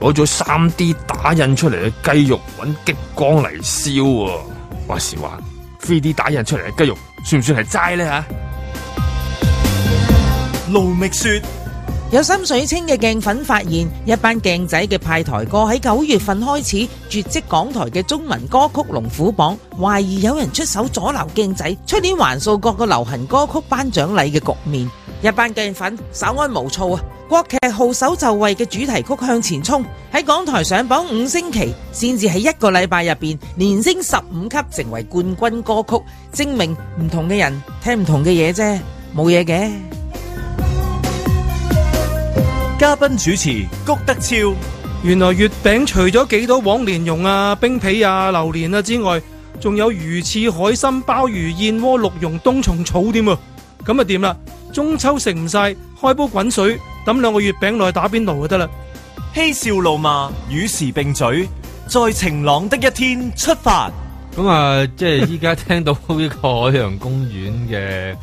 攞咗三 D 打印出嚟嘅雞肉，揾激光嚟燒啊！話時話，3D 打印出嚟嘅雞肉算唔算係齋咧吓？盧覓雪，有深水清嘅鏡粉發現，一班鏡仔嘅派台歌喺九月份開始絕迹港台嘅中文歌曲龍虎榜，懷疑有人出手阻撓鏡仔出年橫掃各個流行歌曲頒獎禮嘅局面。一班鏡粉稍安勿躁啊！國劇號手就位嘅主題曲《向前衝》喺港台上榜五星期，先至喺一個禮拜入邊連升十五級，成為冠軍歌曲，證明唔同嘅人聽唔同嘅嘢啫，冇嘢嘅。嘉賓主持谷德超，原來月餅除咗幾多黃蓮蓉啊、冰皮啊、榴蓮啊之外，仲有魚翅、海參、鮑魚、燕窩、鹿茸、冬蟲草添啊，咁啊點啦？中秋食唔晒，開煲滾水，抌兩個月餅落去打邊爐就得啦。嬉笑怒罵，與時並舉，在晴朗的一天出發。咁啊、 [laughs] 嗯呃，即係依家聽到呢個海洋公園嘅。 [laughs]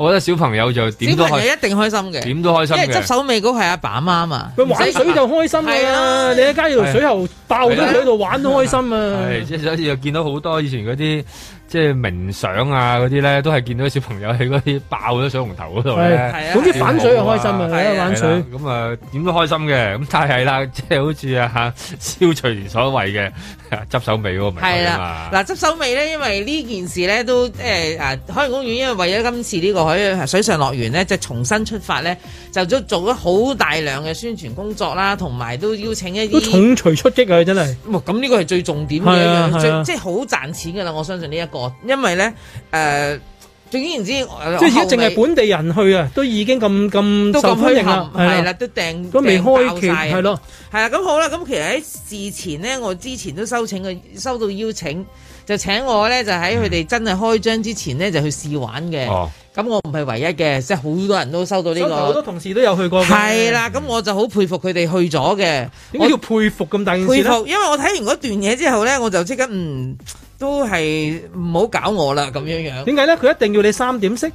我覺得小朋友就點都開，小朋友一定開心嘅，點都開心嘅，因為執手尾嗰係阿爸阿媽嘛，佢玩水就開心啦、啊， [laughs] 啊、你喺街度水喉爆咗佢喺度玩都開心啊，係，即係所以又見到好多以前嗰啲。即係冥想啊呢，嗰啲咧，都係見到小朋友喺嗰啲爆咗水龍頭嗰度咧，總之玩水就開心啊！玩水咁啊，點嘴、啊啊、都開心嘅，咁太係啦！即係好似啊吓消除所謂嘅執手尾喎，係啦、啊，嗱執手尾咧，因為呢件事咧都誒啊海洋公園因為為咗今次呢、這個海水上樂園咧即係重新出發咧。就咗做咗好大量嘅宣傳工作啦，同埋都邀請一啲都重錘出擊呀真係，咁呢個係最重點嘅、啊啊、即係好賺錢噶啦！我相信呢、這、一個，因為咧誒、呃，總而言之，即係如果淨係本地人去啊，都已經咁咁都咁歡迎係啦、啊，都訂都未開期係咯，係啊，咁、啊、了好啦，咁其實喺事前咧，我之前都收請佢收到邀請，就請我咧就喺佢哋真係開張之前咧就去試玩嘅。嗯啊咁我唔係唯一嘅，即係好多人都收到呢個。好多同事都有去過。係啦，咁我就好佩服佢哋去咗嘅。點解叫佩服咁大件事咧？佩服，因為我睇完嗰段嘢之後咧，我就即刻唔，都係唔好搞我啦咁樣樣。點解咧？佢一定要你三點式。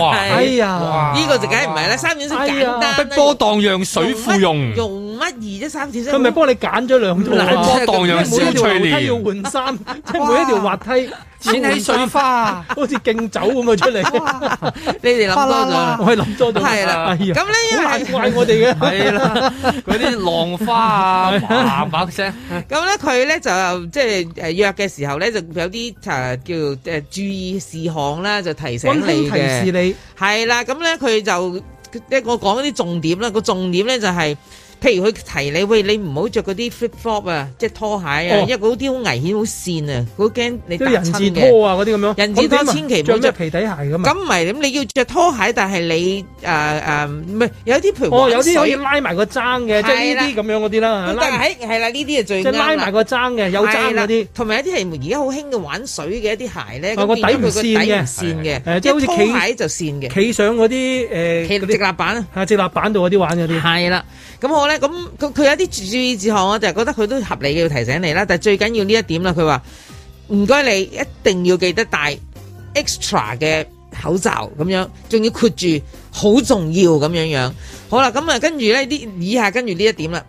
哇！哎呀！呢個就梗唔係啦，三點式簡單。碧波蕩漾水芙蓉！用乜嘢啫？三點式。佢咪幫你揀咗兩套？碧波蕩漾水芙蓉，要換衫，即係每一條滑梯。錢起水花 [laughs] 好哇，好似敬酒咁啊，出嚟，你哋諗多咗，我係諗多咗，係啦。咁咧係怪我哋嘅、 [laughs] 啊，係啦。嗰啲浪花啊，嘭嘭 [laughs] 聲。咁咧佢咧就即係誒約嘅時候咧就有啲誒、啊、叫做誒、啊、注意事項啦，就提醒你提示你係啦。咁咧佢就即係我講一啲重點啦。個重點咧就係、是。譬如佢提你，喂你唔好着嗰啲 flip flop 啊，即係拖鞋啊，因為嗰啲好危險，好跣啊，好驚你跌親嘅。都人字拖啊，嗰啲咁樣。人字拖千祈唔好着皮底鞋，咁，咁唔係，咁你要着拖鞋，但係你誒、誒，唔係有啲皮。哦，有啲可以拉埋個踭嘅，即係呢啲咁樣嗰啲啦。咁但係係啦，呢啲啊最啱啦。即拉埋個踭嘅，有踭嗰啲。同埋一啲係而家好興嘅玩水嘅一啲鞋咧，個底佢個底唔跣嘅。即係好似企就跣嘅。企上嗰啲誒。直立板啊。直立板度嗰啲玩嗰啲。係啦，咁我咧。咁佢佢有啲注意事項，我就係覺得佢都合理嘅，要提醒你啦。但係最緊要呢一點啦，佢話唔該你一定要記得戴 extra 嘅口罩咁樣，仲要括住，好重要咁樣樣。好啦，咁、嗯、啊，跟住呢啲以下，跟住呢一點啦。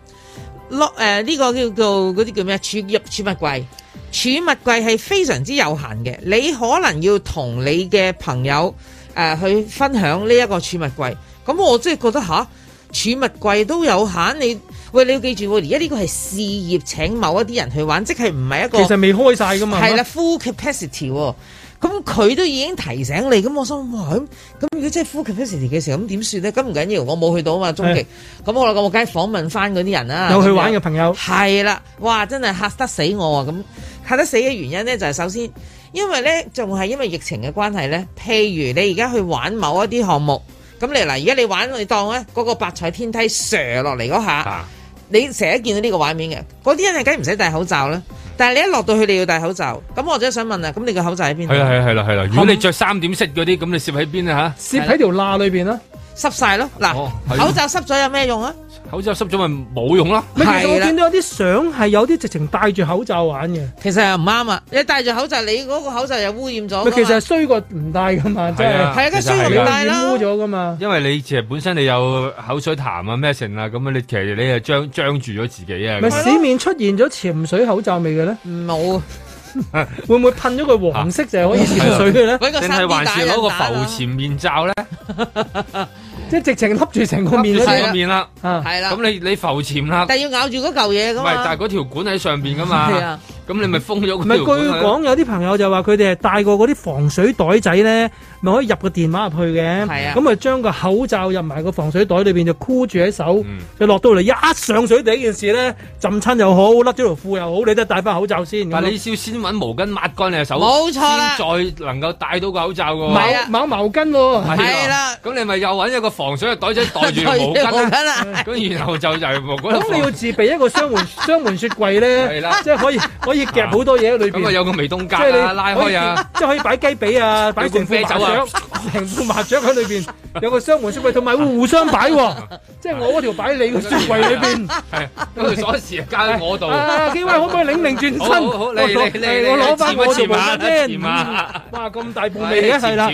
落誒呢個叫做嗰啲叫咩啊？儲物儲物櫃，儲物櫃係非常之有限嘅。你可能要同你嘅朋友誒、呃、去分享呢一個儲物櫃。咁、嗯、我真係覺得吓。儲物櫃都有限，你喂你要記住，而家呢個係事業請某一啲人去玩，即係唔係一個。其實未開晒㗎嘛。係啦，full capacity，咁佢都已經提醒你，咁我心話咁，如果真係 full capacity 嘅時候，咁點算咧？咁唔緊要緊，我冇去到啊嘛，終極。咁對我啦，咁我梗係訪問翻嗰啲人啦。有去玩嘅朋友。係啦，哇，真係吓得死我啊！咁吓得死嘅原因咧，就係、是、首先，因為咧仲係因為疫情嘅關係咧，譬如你而家去玩某，某一啲項目。咁你嚟嗱，而家你玩你當咧，嗰個百彩天梯瀡落嚟嗰下，你成日都見到呢個畫面嘅。嗰啲人係梗係唔使戴口罩啦，但係你一落到去你要戴口罩。咁我真係想問啊，咁你個口罩喺邊？係啦係啦係啦係啦。如果你著三點式嗰啲，咁你攝喺邊啊嚇？攝喺條罅裏邊啦，濕曬咯。嗱，口罩濕咗有咩用啊？口罩濕咗咪冇用咯？咪其實我見到有啲相係有啲直情戴住口罩玩嘅。其實又唔啱啊！你戴住口罩，你嗰個口罩又污染咗。咪其實係衰過唔戴噶嘛？係啊，係啊，梗係衰過唔戴啦。污咗噶嘛？因為你其實本身你有口水痰啊、咩成啊，咁你其實你係將將住咗自己啊。咪市面出現咗潛水口罩未嘅咧？冇，啊， [laughs] 會唔會噴咗個黃色就係可以潛水嘅咧？定係、啊、 [laughs] 還是攞個浮潛面罩咧？ [laughs] 即係直情笠住成個面都晒個面啦，係啦了，咁、啊、你你浮潛啦，但係要咬住嗰嚿嘢咁，唔係，但係嗰條管喺上邊噶嘛。係啊。咁你咪封咗佢？唔係據講有啲朋友就話佢哋係帶過嗰啲防水袋仔咧，咪可以入個電話入去嘅。係啊，咁咪將個口罩入埋個防水袋裏邊就箍住喺手，就落到嚟，一上水第一件事咧，浸親又好，甩咗條褲又好，你都係戴翻口罩先。但係你要先揾毛巾抹乾你嘅手，冇錯啦，先再能夠戴到個口罩㗎喎。係啊，攞毛巾喎。係啦。咁你咪又揾一個防水嘅袋仔袋住毛巾啦。咁然後就就毛巾。咁你要自備一個雙門雙門雪櫃咧？係啦，即係可以可以。夾好多嘢喺裏邊，咁啊有個微凍，即係你，拉開啊，即係可以擺雞髀啊，擺罐啤酒啊，成副麻將喺裏邊，有個雙門雪櫃，同埋互相擺，即係我嗰條擺喺你個雪櫃裏邊，係，嗰條鎖匙交喺我度，啊，幾位可唔可以擰擰轉身？好好，你你你，我攞翻我條毛巾，哇，咁大部味啊，係啦，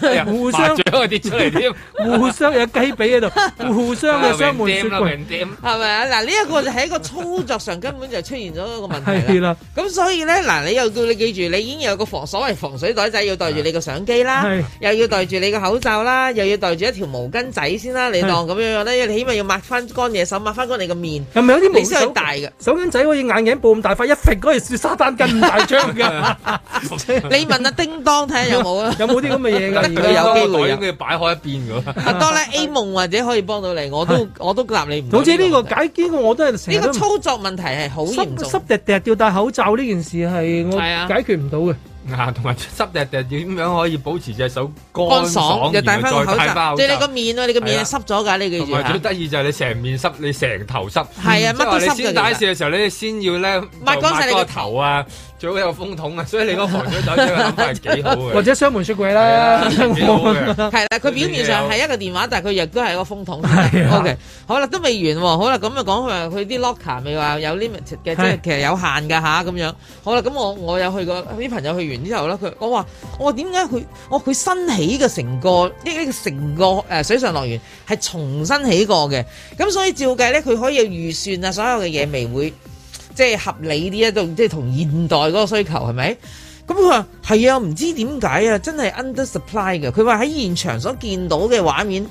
係啦，互相，麻將嗰啲出嚟點？互相有雞髀喺度，互相嘅雙門雪櫃，係咪啊？嗱，呢一個就喺一個操作上根本就出現咗一個問題啦。咁所以咧，嗱，你又叫你記住，你已經有個防所謂防水袋仔，要袋住你個相機啦，又要袋住你個口罩啦，又要袋住一條毛巾仔先啦，你當咁樣樣咧，你起碼要抹翻乾嘢，手，抹翻乾你個面，係咪有啲毛巾好大嘅？毛巾仔可以眼鏡布咁大塊，一搣嗰條沙灘巾咁大張噶。你問阿叮當睇下有冇啊？有冇啲咁嘅嘢嘅？有機會啊！咁要擺開一邊噶。哆啦 A 夢或者可以幫到你，我都我都答你唔到。好似呢個解機個我都係呢個操作問題係好嚴重，戴口罩呢件事係我解決唔到嘅，啊，同埋濕滴滴點樣可以保持隻手乾爽？又戴翻個口罩，即係你個面啊，你個面係濕咗㗎，你記住嚇。同埋最得意就係你成面濕，你成頭濕，係啊，乜都濕㗎。因為你先戴時嘅時候，你先要咧抹乾曬你個頭啊。仲有個風筒啊，所以你個房水袋幾好嘅嘅， [laughs] 或者雙門雪櫃啦、啊，係啦， [laughs] 佢表面上係一個電話，但係佢亦都係個風筒。O K，好啦，都未完喎、哦，好啦，咁啊講佢話佢啲 locker 未話有 limit 嘅，是的 即係其實有限嘅吓。咁、啊、樣。好啦，咁我我有去過，啲朋友去完之後咧，佢我話我話點解佢我佢新起嘅成個呢呢個成個誒水上樂園係重新起過嘅，咁所以照計咧，佢可以有預算啊，所有嘅嘢未會。即係合理啲一度，即係同現代嗰個需求係咪？咁佢話係啊，唔知點解啊，真係 under supply 嘅。佢話喺現場所見到嘅畫面，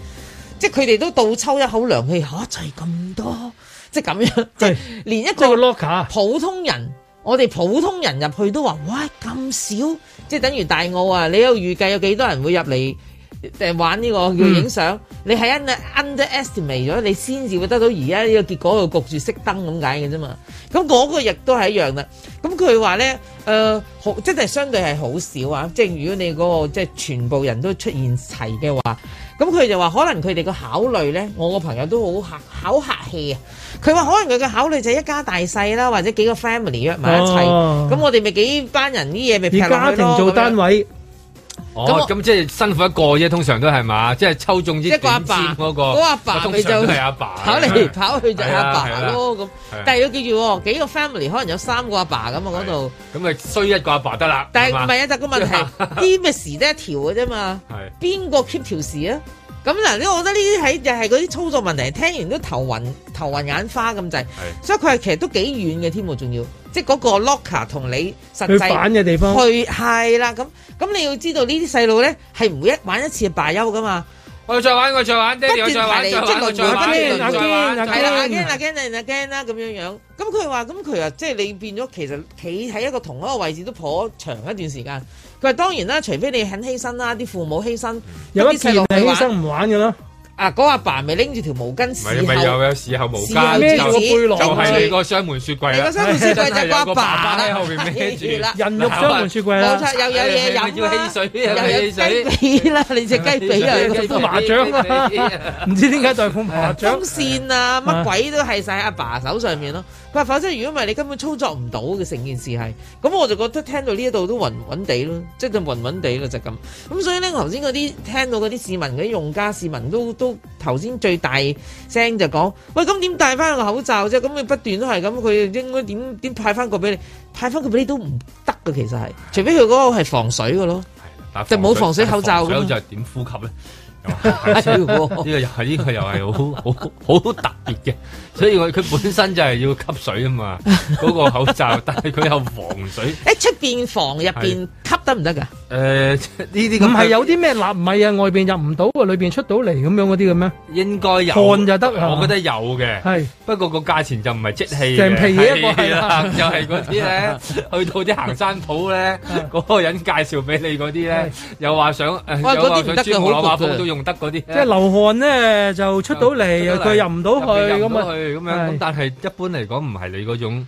即係佢哋都倒抽一口涼氣嚇，就係咁多，即係咁樣，即係連一個普通人，我哋普通人入去都話哇咁少，即係等於大澳啊！你有預計有幾多人會入嚟？誒玩呢、這個叫影相，你係 underestimate 咗，你先至會得到而家呢個結果，又焗住熄燈咁解嘅啫嘛。咁、那、嗰個亦都係一樣啦。咁佢話咧，誒、呃、好，即係相對係好少啊。即係如果你嗰、那個即係全部人都出現齊嘅話，咁佢就話可能佢哋個考慮咧，我個朋友都好客好客氣啊。佢話可能佢嘅考慮就係一家大細啦，或者幾個 family 約埋一齊。咁、哦、我哋咪幾班人啲嘢咪家庭做單位。咁咁即係辛苦一個啫，通常都係嘛，即係抽中啲頂尖嗰個，嗰阿爸咪就跑嚟跑去就係阿爸咯。咁，但係要記住，幾個 family 可能有三個阿爸咁啊，嗰度。咁咪衰一個阿爸得啦。但係唔係啊？但個問題，啲咩事得一條嘅啫嘛。係。邊個 keep 條事啊？咁嗱，因為我覺得呢啲喺又係嗰啲操作問題，聽完都頭暈頭暈眼花咁滯，的所以佢係其實都幾遠嘅添喎，仲要即係嗰個 locker 同你實際反嘅地方，去係啦，咁咁你要知道呢啲細路咧係唔會一玩一次就罷休噶嘛。我再玩，我再玩，爹，我再玩，再玩，再玩，再玩，係啦，again，again，again 啦，咁樣樣。咁佢話咁佢啊，即係你變咗，其實企喺一個同一個位置都頗長一段時間。佢話當然啦，除非你肯犧牲啦，啲父母犧牲，有啲嘢唔犧牲唔玩噶啦。嗰阿、啊、爸咪拎住條毛巾，咪唔又有時候毛巾，孭住個雙門雪櫃啦，係個雙門雪櫃就、啊、係 [laughs] 個爸啦，後邊孭住，人肉雙門雪櫃啦、啊，冇錯、 [laughs] 啊，有有嘢，又有雞髀啦，水 [laughs] 你隻雞髀啊，個麻將唔知點解對風麻將線啊，乜鬼都係晒阿爸手上面咯。佢話，否則如果唔係，你根本操作唔到嘅成件事係。咁我就覺得聽到呢一度都暈暈地咯，即係暈暈地咯，就咁、是。咁、就是、所以咧，我頭先嗰啲聽到嗰啲市民嗰啲用家市民都都。頭先最大聲就講，喂，咁點戴翻個口罩啫？咁你不斷都係咁，佢應該點點派翻個俾你？派翻個俾你都唔得噶，其實係，除非佢嗰個係防水噶咯，就冇防水口罩。口罩係點呼吸咧？呢個又係呢、呢個又係好好好特別嘅，所以佢本身就係要吸水啊嘛，嗰、嗰個口罩，但係佢有防水。誒、欸，出邊防入邊吸。得唔得㗎？誒，呢啲咁，唔係有啲咩納米啊？外邊入唔到啊，裏邊出到嚟咁樣嗰啲嘅咩？應該有，汗就得，我覺得有嘅。係，不過個價錢就唔係即氣嘅。成皮嘢啦，就係嗰啲咧，去到啲行山鋪咧，嗰個人介紹畀你嗰啲咧，又話想誒，又話想穿牛仔褲都用得嗰啲。即係流汗咧就出到嚟，佢入唔到去咁啊。咁樣，但係一般嚟講唔係你嗰種。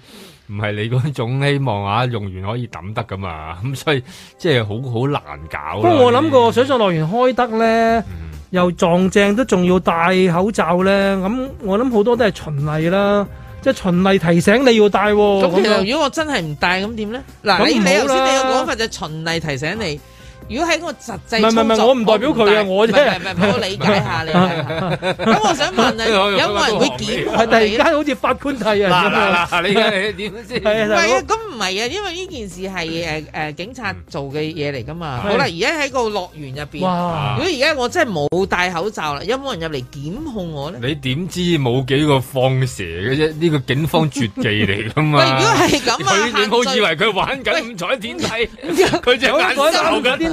唔係你嗰種希望啊，用完可以抌得噶嘛，咁所以即係好好難搞。不過我諗過水上樂園開得咧，嗯、又撞正都仲要戴口罩咧，咁我諗好多都係循例啦，即係循例提醒你要戴，啊。咁、嗯、樣其實如果我真係唔戴咁點咧？嗱，你你頭先你個講法就係循例提醒你。啊如果喺個實際，唔唔唔，我唔代表佢啊，我啫，我理解下你。咁我想問啊，有冇人會檢？係突然間好似法官睇啊？嗱嗱，你你點先？係啊，咁唔係啊，因為呢件事係誒誒警察做嘅嘢嚟噶嘛。好啦，而家喺個樂園入邊，如果而家我真係冇戴口罩啦，有冇人入嚟檢控我咧？你點知冇幾個放蛇嘅啫？呢個警方絕技嚟噶嘛？如果係咁啊，佢你冇以為佢玩緊五彩點睇？佢只眼罩緊。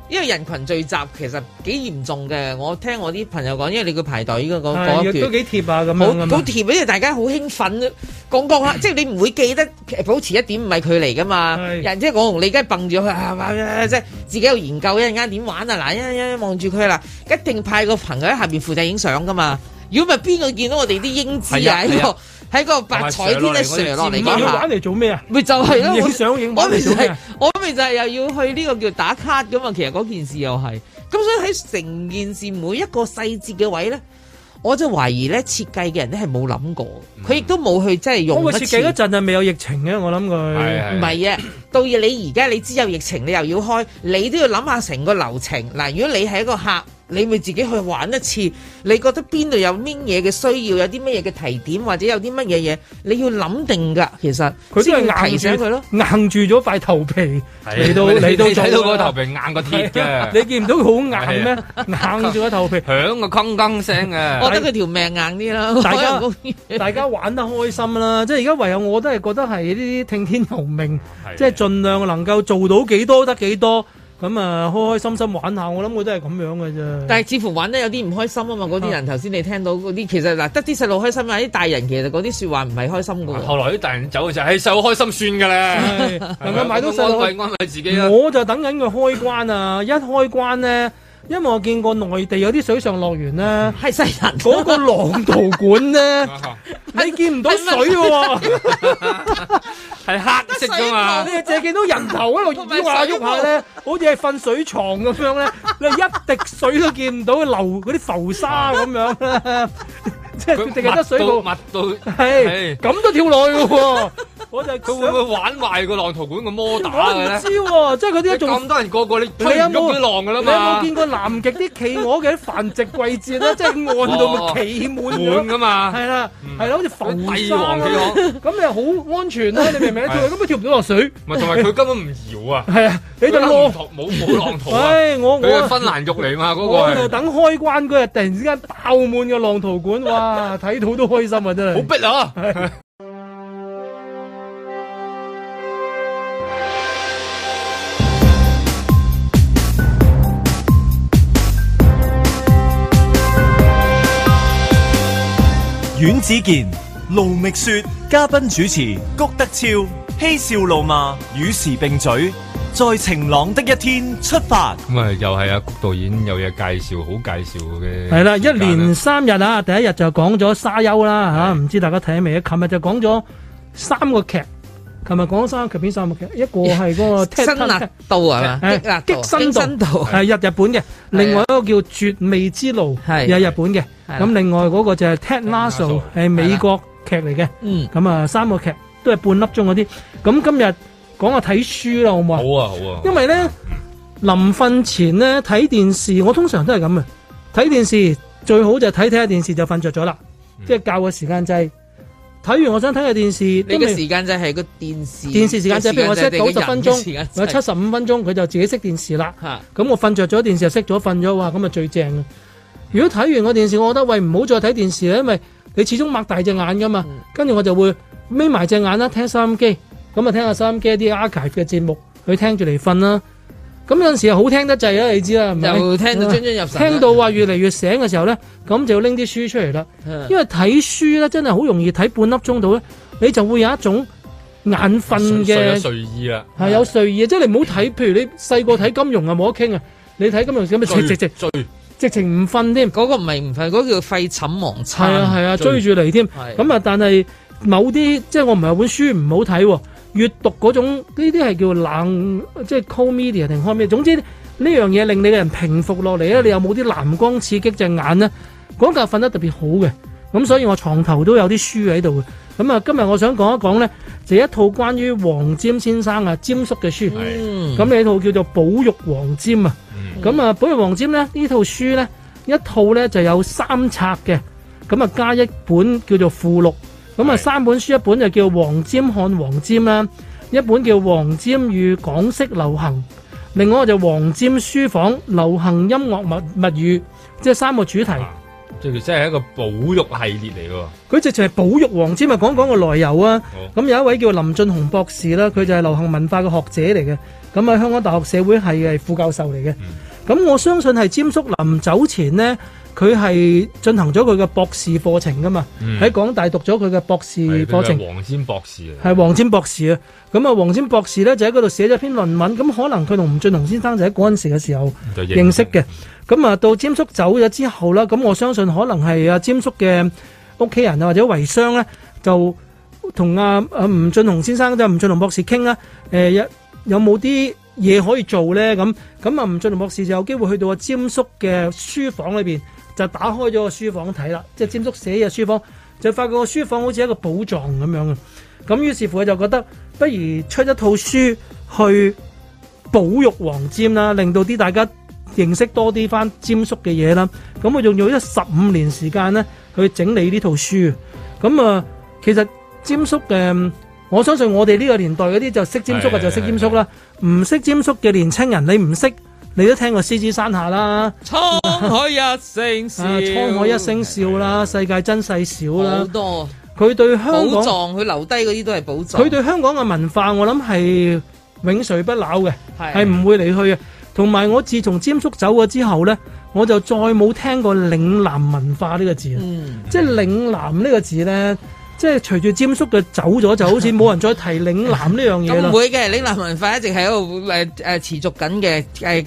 因為人群聚集其實幾嚴重嘅，我聽我啲朋友講，因為你個排隊嘅都幾貼啊咁好貼，因為大家好興奮，講講下，即係你唔會記得保持一點五米距離噶嘛。人即係我同你梗係蹦住佢，即係自己有研究一陣間點玩啊，嗱，一望住佢啦，一定派個朋友喺下邊負責影相噶嘛。如果咪邊個見到我哋啲英姿啊？喺個百彩天嘅上落嚟架，玩嚟做咩啊？咪我就係咯，影相影我咪就係，又要去呢個叫打卡咁嘛。其實嗰件事又係，咁所以喺成件事每一個細節嘅位咧，我就懷疑咧設計嘅人咧係冇諗過，佢亦、嗯、都冇去即係用。我設計嗰陣係未有疫情嘅，我諗佢係唔係啊？到你而家你知有疫情，你又要開，你都要諗下成個流程。嗱，如果你係一個客。你咪自己去玩一次，你覺得邊度有乜嘢嘅需要，有啲乜嘢嘅提點，或者有啲乜嘢嘢，你要諗定噶。其實佢先係硬醒佢咯，硬住咗塊頭皮嚟到嚟到做。你睇到個頭皮硬過鐵嘅，你見唔到佢好硬咩？硬住個頭皮響個鏗鏗聲啊。我覺得佢條命硬啲啦。大家大家玩得開心啦，即係而家唯有我都係覺得係呢啲聽天由命，即係盡量能夠做到幾多得幾多。咁啊，開開心心玩下，我諗佢都係咁樣嘅啫。但係似乎玩得有啲唔開心啊嘛，嗰啲人頭先 [laughs] 你聽到嗰啲，其實嗱得啲細路開心啊，啲大人其實嗰啲說話唔係開心噶。 [laughs] 後來啲大人走嘅時候，係，細路開心算噶啦，能夠買到細路開心，安慰安慰自己啊，我就等緊佢開關啊！一開關咧。因為我見過內地有啲水上樂園咧，係曬人，嗰個浪道館咧，你見唔到水喎，係黑色㗎嘛？你淨係見到人頭喺度喐下喐下咧，好似係瞓水床咁樣咧，你一滴水都見唔到，流嗰啲浮沙咁樣咧，即係佢成日得水道，係咁都跳落去喎。我佢會唔會玩壞個浪濤館個摩打？我唔知喎，即係佢啲仲咁多人個個你推住啲浪嘅啦嘛！你有冇見過南極啲企鵝嘅繁殖季節咧？即係岸度企滿滿噶嘛？係啦，係啦，好似粉霜企鵝咁，你好安全啦！你明唔明？跳根本跳唔到落水，同埋佢根本唔搖啊！係啊，你對浪淘冇冇浪淘啊？我係芬蘭浴嚟嘛？嗰個喺度等開關嗰日，突然之間爆滿嘅浪濤館，哇！睇到都開心啊，真係好逼啊！阮子健、盧覓雪，嘉賓主持谷德昭，嬉笑怒罵，與時並嘴，在晴朗的一天出發。咁啊，又係阿谷導演有嘢介紹，好介紹嘅。係啦，一連三日啊，第一日就講咗沙丘啦，吓，唔知大家睇未啊？琴日就講咗三個劇。琴日講咗三個劇片、三個劇，一個係嗰個新壓道啊，激辛道，係日日本嘅；另外一個叫《絕味之路》，係日日本嘅。咁另外嗰個就係 Tetraso，係美國劇嚟嘅。嗯，咁啊，三個劇都係半粒鐘嗰啲。咁今日講下睇書啦，好唔好啊？好啊，好啊。因為咧，臨瞓前咧睇電視，我通常都係咁嘅。睇電視最好就睇睇下電視就瞓着咗啦，即係教個時間制。睇完我想睇下電視，呢個時間就係個電視，電視時間就譬如我 set 九十分鐘，有七十五分鐘佢就自己熄電視啦。咁我瞓着咗，電視就熄咗，瞓咗哇，咁咪最正。如果睇完個電視，我覺得喂唔好再睇電視啦，因為你始終擘大隻眼噶嘛。跟住、嗯、我就會眯埋隻眼啦，聽收音機，咁啊聽下收音機啲 archive 嘅節目，佢聽住嚟瞓啦。咁有陣時好聽得滯啊！你知啦，又聽到入神，到話越嚟越醒嘅時候咧，咁就要拎啲書出嚟啦。因為睇書咧真係好容易睇半粒鐘度咧，你就會有一種眼瞓嘅睡意啊。係有睡意啊！即係你唔好睇，譬如你細個睇金融啊，冇得傾啊，你睇金融咁啊，直直直追，直情唔瞓添。嗰個唔係唔瞓，嗰叫廢寢忘餐。係啊係啊，追住嚟添。咁啊，但係某啲即係我唔係本書唔好睇。閱讀嗰種呢啲係叫冷，即係 cool media 定開咩？總之呢樣嘢令你嘅人平復落嚟咧，你有冇啲藍光刺激隻眼咧？嗰覺瞓得特別好嘅，咁所以我床頭都有啲書喺度嘅。咁啊，今日我想講一講咧，就一套關於黃霑先生啊，霑叔嘅書。係、嗯。咁呢套叫做保、啊嗯啊《保育黃霑》啊。嗯。咁啊，《保育黃霑》咧呢套書咧一套咧就有三冊嘅，咁啊加一本叫做附錄。咁啊，嗯、三本書，一本就叫《黃霑看黃霑》啦，一本叫《黃霑與港式流行》，另外就是《黃霑書房流行音樂物物語》，即係三個主題。啊、即係真係一個保育系列嚟噶。佢直情係保育黃霑咪講講個來由啊。咁好有一位叫林俊雄博士啦，佢就係流行文化嘅學者嚟嘅，咁喺香港大學社會系係副教授嚟嘅。咁、嗯、我相信係詹叔臨走前呢。佢係進行咗佢嘅博士課程噶嘛？喺、嗯、港大讀咗佢嘅博士課程。黃霑博士啊，係黃霑博士啊。咁啊，黃霑博士呢，就喺嗰度寫咗篇論文。咁可能佢同吳俊雄先生就喺嗰陣時嘅時候認識嘅。咁啊，到霑叔走咗之後啦，咁我相信可能係啊，霑叔嘅屋企人啊，或者遺孀呢，就同啊，阿、啊、吳俊雄先生即係、就是、吳俊雄博士傾啦。誒、呃、有有冇啲嘢可以做呢？咁咁啊，吳俊雄博士就有機會去到阿霑叔嘅書房裏邊。就打開咗個書房睇啦，即係占叔寫嘅書房，就發覺個書房好似一個寶藏咁樣啊！咁於是乎，就覺得不如出一套書去保育黃占啦，令到啲大家認識多啲翻占叔嘅嘢啦。咁我用咗一十五年時間咧去整理呢套書。咁啊，其實占叔嘅，我相信我哋呢個年代嗰啲就識占叔嘅就識占叔啦，唔識占叔嘅年青人你唔識。你都聽過獅子山下啦，滄海一聲笑，滄海一聲笑啦，的世界真細小啦，好多佢對香港，佢留低啲都係寶藏。佢對香港嘅文化，我諗係永垂不朽嘅，係唔的會離去嘅。同埋我自從尖叔走咗之後咧，我就再冇聽過嶺南文化呢個字，嗯、即係嶺南呢個字咧。即係隨住詹叔嘅走咗，就好似冇人再提嶺南呢樣嘢。咁唔會嘅，嶺南文化一直喺度誒誒持續緊嘅，誒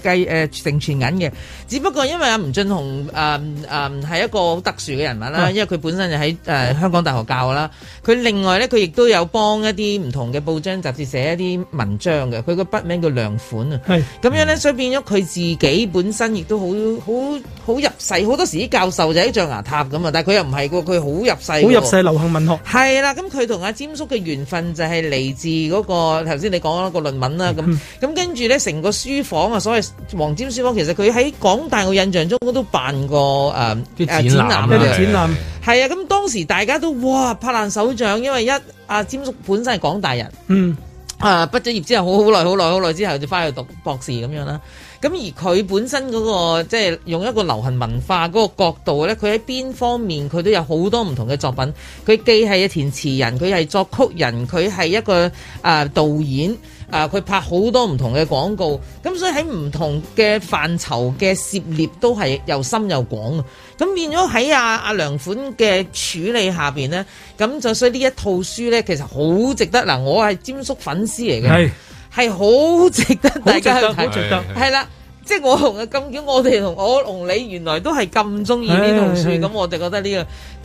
繼成傳緊嘅。只不過因為阿吳俊雄誒誒係一個好特殊嘅人物啦，因為佢本身就喺誒香港大學教啦。佢另外咧，佢亦都有幫一啲唔同嘅報章雜誌寫一啲文章嘅。佢個筆名叫梁款啊。係。咁樣咧，所以變咗佢自己本身亦都好好好入世。好多時啲教授就喺象牙塔咁啊，但係佢又唔係喎，佢好入世。好入世，流行文學。係啦，咁佢同阿詹叔嘅緣分就係嚟自嗰、那個頭先你講嗰個論文啦，咁咁、 [laughs] 嗯嗯、跟住咧成個書房啊，所謂黃詹書房，其實佢喺廣大我印象中都辦過誒、呃、展覽、啊、展覽係啊，咁的、嗯嗯、當時大家都哇拍爛手掌，因為一阿詹、啊、叔本身係廣大人，嗯 [laughs] [laughs] 啊，畢咗業之後，好好耐，好耐，好耐之後就翻去讀博士咁樣啦。咁而佢本身嗰個即係用一個流行文化嗰個角度咧，佢喺邊方面佢都有好多唔同嘅作品。佢既係一填詞人，佢係作曲人，佢係一個誒導演啊，佢拍好多唔同嘅廣告。咁所以喺唔同嘅範疇嘅涉獵都係又深又廣。咁變咗喺阿阿梁款嘅處理下邊咧，咁就所以呢一套書咧，其實好值得嗱。我係詹叔粉絲嚟嘅。係好值得大家去睇，係啦，即係我同阿金嬌，我哋同我同你原來都係咁中意呢棟樹，咁的是我哋覺得呢、這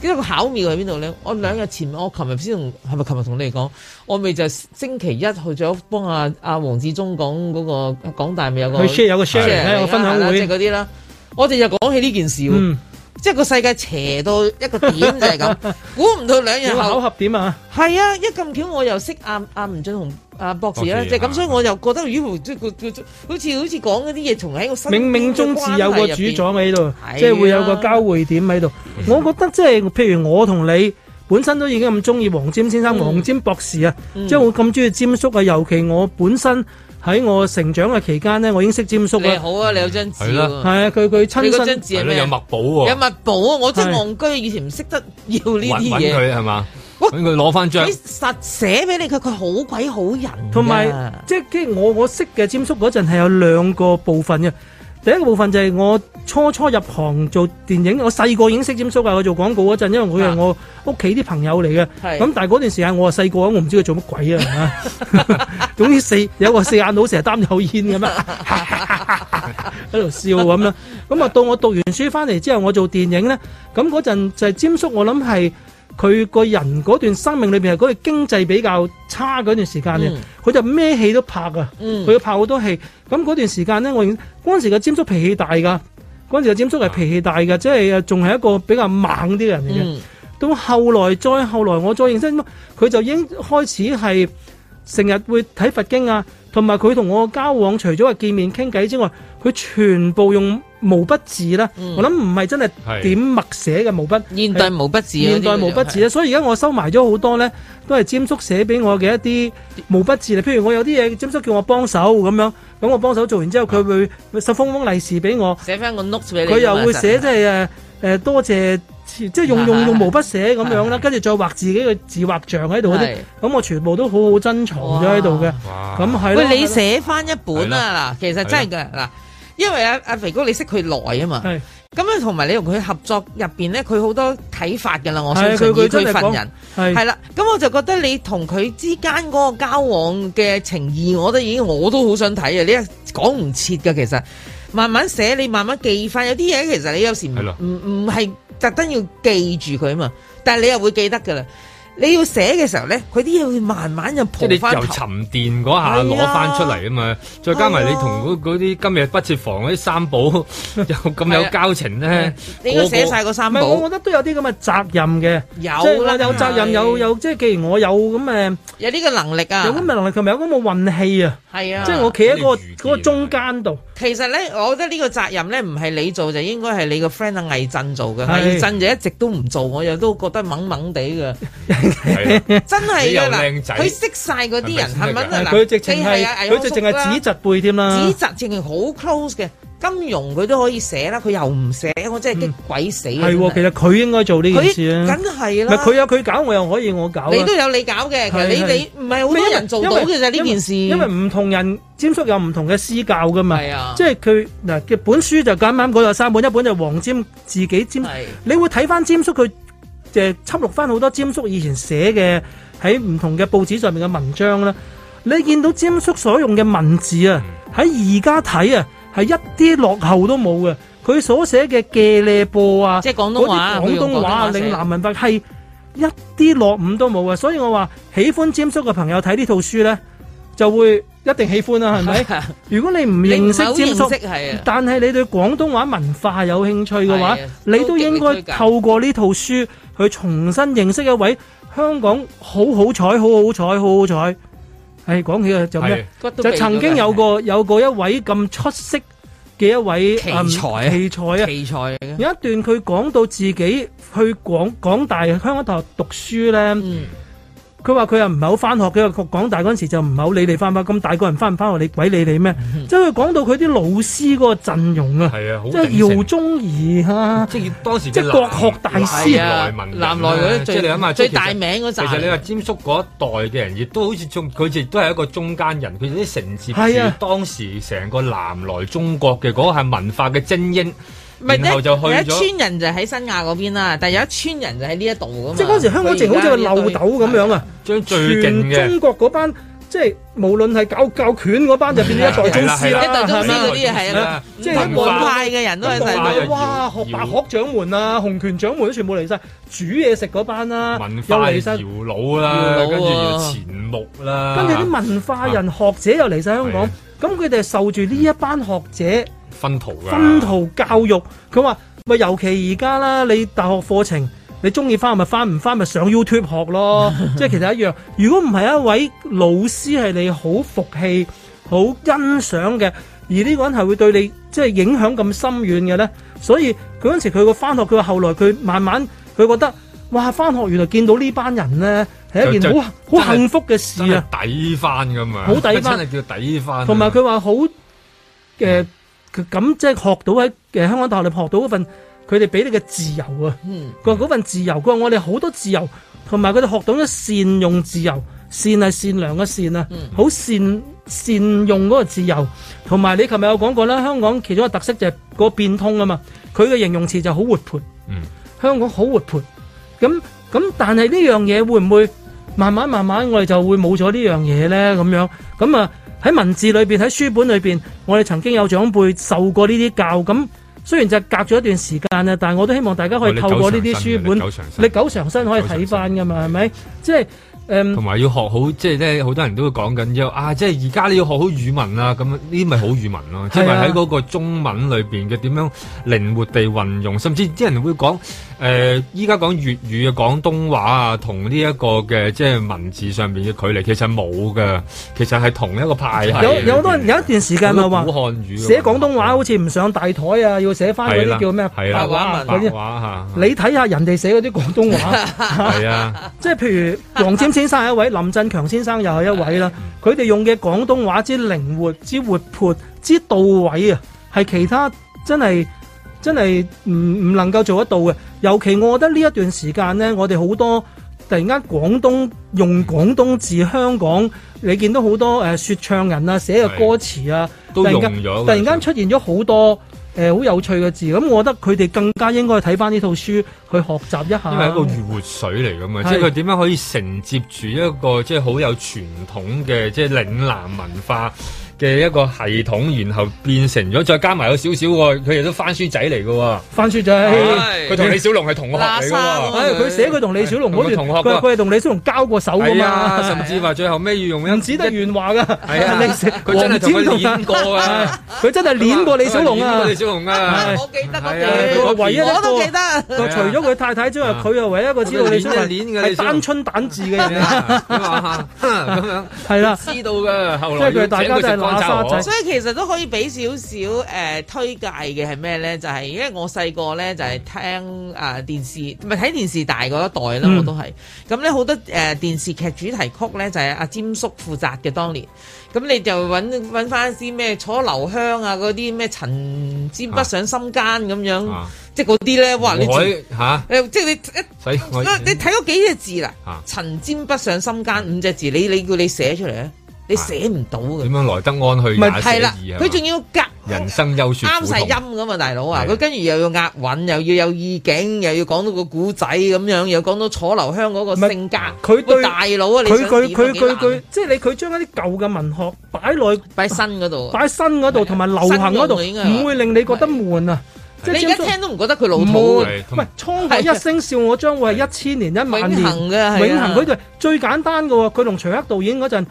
個，呢個巧妙喺邊度咧？我兩日前，我琴日先同係咪琴日同你講，我咪就星期一去咗幫阿阿黃志忠講嗰、那個港大咪有個，share 有個 sharing 個分享會，即嗰啲啦。我哋就講起呢件事。嗯即係個世界邪到一個點就係咁，估唔 [laughs] 到兩樣巧合點啊！係啊，一咁巧我又識阿阿吳俊雄阿博士咧，即係咁，所以我又覺得好似好似講嗰啲嘢，同喺我心冥冥中自有個主宰喺度，啊、即係會有個交匯點喺度。 [laughs] 我覺得即係譬如我同你本身都已經咁中意黃霑先生、嗯、黃霑博士啊，即係我咁中意霑叔啊，尤其我本身。喺我成長嘅期間咧，我已經識占叔啦。好啊，你有張紙係啊，佢佢親嗰張紙係咩？有墨寶喎。有墨寶，我真係戇居，以前唔識得要呢啲嘢。搵佢係嘛？我咁佢攞翻張。佢、啊、實寫俾你嘅，佢好鬼好人、啊。同埋，即係我我識嘅占叔嗰陣係有兩個部分嘅。第一個部分就係我初初入行做電影，我細個已經識詹叔啊！我做廣告嗰陣，因為佢係我屋企啲朋友嚟嘅。咁是但係嗰段時間我係細個，我唔知佢做乜鬼啊！ [laughs] [laughs] 總之四有個四眼佬成日擔口煙咁啊，喺度笑咁啦。咁啊到我讀完書翻嚟之後，我做電影咧，咁嗰陣就係詹叔，我諗係。佢個人嗰段生命裏邊係嗰個經濟比較差嗰段時間咧，佢、嗯、就咩戲都拍噶，佢要、嗯、拍好多戲。咁嗰段時間咧，我嗰陣時嘅詹叔脾氣大噶，嗰陣時嘅詹叔係脾氣大嘅，即係仲係一個比較猛啲嘅人嚟嘅。嗯、到後來再後來，我再認識佢就已經開始係成日會睇佛經啊，同埋佢同我交往除咗係見面傾偈之外，佢全部用毛筆字咧，我諗唔係真係點墨寫嘅毛筆。現代毛筆字啊，現代毛筆字啊，所以而家我收埋咗好多咧，都係占叔寫俾我嘅一啲毛筆字。譬如我有啲嘢，占叔叫我幫手咁樣，咁我幫手做完之後，佢會收封封利是俾我，寫翻個 note 俾你，佢又會寫，即係誒誒多謝，即係用用用毛筆寫咁樣啦，跟住再畫自己嘅字畫像喺度嗰啲，咁我全部都好好珍藏咗喺度嘅。咁係。喂，你寫翻一本啊嗱，其實真係嘅嗱。因為阿阿肥哥你識佢耐啊嘛，咁樣同埋你同佢合作入邊咧，佢好多睇法噶啦，我相信佢佢份人係啦，咁是我就覺得你同佢之間嗰個交往嘅情誼，我都已經我都好想睇啊！你一講唔切噶，其實慢慢寫，你慢慢記翻，有啲嘢其實你有時唔唔唔係特登要記住佢啊嘛，但係你又會記得噶啦。你要寫嘅時候咧，佢啲嘢會慢慢就盤翻頭，即你由沉澱嗰下攞翻出嚟啊嘛，再加埋你同嗰啲今日不設防嗰啲三寶有咁有交情咧，你應該寫晒嗰三寶。唔係，我覺得都有啲咁嘅責任嘅，有啦，有責任，有有即係既然我有咁嘅，有呢個能力啊，有咁嘅能力，同咪有咁嘅運氣啊，係啊，即係我企喺個個中間度。其實咧，我覺得呢個責任咧唔係你做，就應該係你個 friend 阿魏振做嘅，魏振就一直都唔做，我又都覺得懵懵地嘅。真係啦，靚仔。佢識晒嗰啲人係咪佢直情啊，佢就淨係子侄輩添啦，子侄仲係好 close 嘅，金融佢都可以寫啦，佢又唔寫，我真係激鬼死啊！係，其實佢應該做呢件事啊。梗係啦，佢有佢搞，我又可以我搞，你都有你搞嘅，其實你你唔係好多人做到。其實呢件事，因為唔同人，尖叔有唔同嘅私教噶嘛，即係佢嗱嘅本書就咁啱嗰度三本，一本就黃尖自己尖，你會睇翻尖叔佢。就係輯錄翻好多詹叔以前寫嘅喺唔同嘅報紙上面嘅文章啦。你見到詹叔所用嘅文字啊，喺而家睇啊，係一啲落後都冇嘅。佢所寫嘅嘅咧波啊，即係廣東話，廣東話啊，嶺南文化係一啲落伍都冇啊。所以我話喜歡詹叔嘅朋友睇呢套書咧，就會一定喜歡啦，係咪？ [laughs] 如果你唔認識詹叔，啊、但係你對廣東話文化有興趣嘅話，啊、都你都應該透過呢套書。佢重新認識一位香港好好彩、好好彩、好好彩。係講起啊，就咩？就曾經有個有個一位咁出色嘅一位奇才、奇才啊！有一段佢講到自己去港港大香港大學讀書呢。佢話佢又唔係好翻學嘅，講大嗰陣時就唔係好理你翻唔翻，咁大個人翻唔翻學，你鬼理你咩？即係佢講到佢啲老師嗰個陣容啊，即係姚宗儀啊，即係當時即係國學大師啊，南來文南來最你諗下，即係大名嗰陣。其實你話蔣叔嗰一代嘅人，亦都好似仲，佢亦都係一個中間人，佢哋啲成字啊，當時成個南來中國嘅嗰個係文化嘅精英。唔係咧，有一村人就喺新亞嗰邊啦，但係有一村人就喺呢一度咁。即係嗰時香港淨好似個漏斗咁樣啊！將最勁中國嗰班，即係無論係搞教拳嗰班，就變咗一代宗師啦。一代宗師嗰啲係啊，即係門派嘅人都去睇。哇！學白鶴掌門啊，洪拳掌門都全部嚟晒，煮嘢食嗰班啦，又嚟曬。跟住錢穆啦，跟住啲文化人學者又嚟晒香港。咁佢哋受住呢一班學者。分途嘅、啊，分途教育。佢話，咪尤其而家啦，你大學課程，你中意翻咪翻，唔翻咪上 YouTube 學咯。 [laughs] 即係其實一樣。如果唔係一位老師係你好服氣、好欣賞嘅，而呢個人係會對你即係影響咁深遠嘅咧。所以佢嗰時佢個翻學，佢話後來佢慢慢佢覺得，哇，翻學原來見到呢班人咧係一件好好幸福嘅事啊！抵翻咁樣，好抵翻，真係叫抵翻。同埋佢話好嘅。嗯咁即係學到喺誒香港大學學到嗰份佢哋俾你嘅自由啊，佢話嗰份自由，佢話我哋好多自由，同埋佢哋學到咗善用自由，善係善良嘅善啊，好、嗯、善善用嗰個自由，同埋你琴日有講過啦，香港其中一個特色就係個變通啊嘛，佢嘅形容詞就好活潑，香港好活潑，咁咁但係呢樣嘢會唔會慢慢慢慢我哋就會冇咗呢樣嘢咧咁樣，咁啊。喺文字裏邊喺書本裏邊，我哋曾經有長輩受過呢啲教，咁雖然就係隔咗一段時間啦，但係我都希望大家可以透過呢啲書本，歷久常新可以睇翻噶嘛，係咪？即係誒，同、嗯、埋要學好，即係咧，好多人都會講緊，又啊，即係而家你要學好語文啦，咁呢啲咪好語文咯，啊、即係喺嗰個中文裏邊嘅點樣靈活地運用，甚至啲人會講。誒，依家、呃、講粵語嘅廣東話啊，同呢一個嘅即係文字上邊嘅距離其，其實冇嘅。其實係同一個派系。有有好多，有一段時間咪話寫廣東話好似唔上大台啊，要寫翻嗰啲叫咩了白話文嗰啲。者話你睇下人哋寫嗰啲廣東話，係 [laughs] 啊， [laughs] 即係譬如黃霑先生係一位，林振強先生又係一位啦。佢哋 [laughs] [laughs] 用嘅廣東話之靈活、之活潑之、之到位啊，係其他真係。真係唔唔能夠做得到嘅，尤其我覺得呢一段時間呢，我哋好多突然間廣東用廣東字、嗯、香港，你見到好多誒説、呃、唱人啊，寫嘅歌詞啊，是突然間都突然間出現咗好多誒好、呃、有趣嘅字。咁、嗯、我覺得佢哋更加應該睇返呢套書去學習一下。係一個活水嚟噶嘛，是即係佢點樣可以承接住一個即係好有傳統嘅即係嶺南文化。嘅一個系統，然後變成咗，再加埋有少少佢亦都番書仔嚟嘅喎，番書仔，佢同李小龍係同學嚟嘅喎，佢寫佢同李小龍嗰段，佢佢係同李小龍交過手㗎嘛，甚至話最後咩要用恩師得怨話㗎，係啊，佢真係同佢演過嘅，佢真係攆過李小龍啊，李小龍啊，我記得嗰啲，我唯一都記得，除咗佢太太之外，佢又唯一一個知道李小龍攆嘅，單春蛋字嘅人，咁樣係啦，知道嘅，後來即係大家。所以其實都可以俾少少誒推介嘅係咩咧？就係、是、因為我細個咧就係、是、聽啊、呃、電視唔係睇電視大嗰一代啦，我都係咁咧好多誒、呃、電視劇主題曲咧就係阿霑叔負責嘅當年，咁你就揾揾返啲咩楚留香啊嗰啲咩塵沾不上心間咁樣，啊、即係嗰啲咧哇你嚇即係你一以你睇過幾隻字啦？塵沾、啊啊、不上心間五隻字，你你叫你寫出嚟咧？你寫唔到嘅，點樣來得安去也隨意啊！佢仲要夾人生優說啱晒音咁啊，大佬啊！佢跟住又要押韻，又要有意境，又要講到個古仔咁樣，又講到楚留香嗰個性格。佢對大佬啊！佢佢佢佢佢，即係你佢將一啲舊嘅文學擺落擺新嗰度，擺新嗰度同埋流行嗰度，唔會令你覺得悶啊！你而家聽都唔覺得佢老土。唔係，滄海一聲笑，我將會係一千年一萬年嘅永恒。佢哋最簡單嘅喎，佢同徐克導演嗰陣。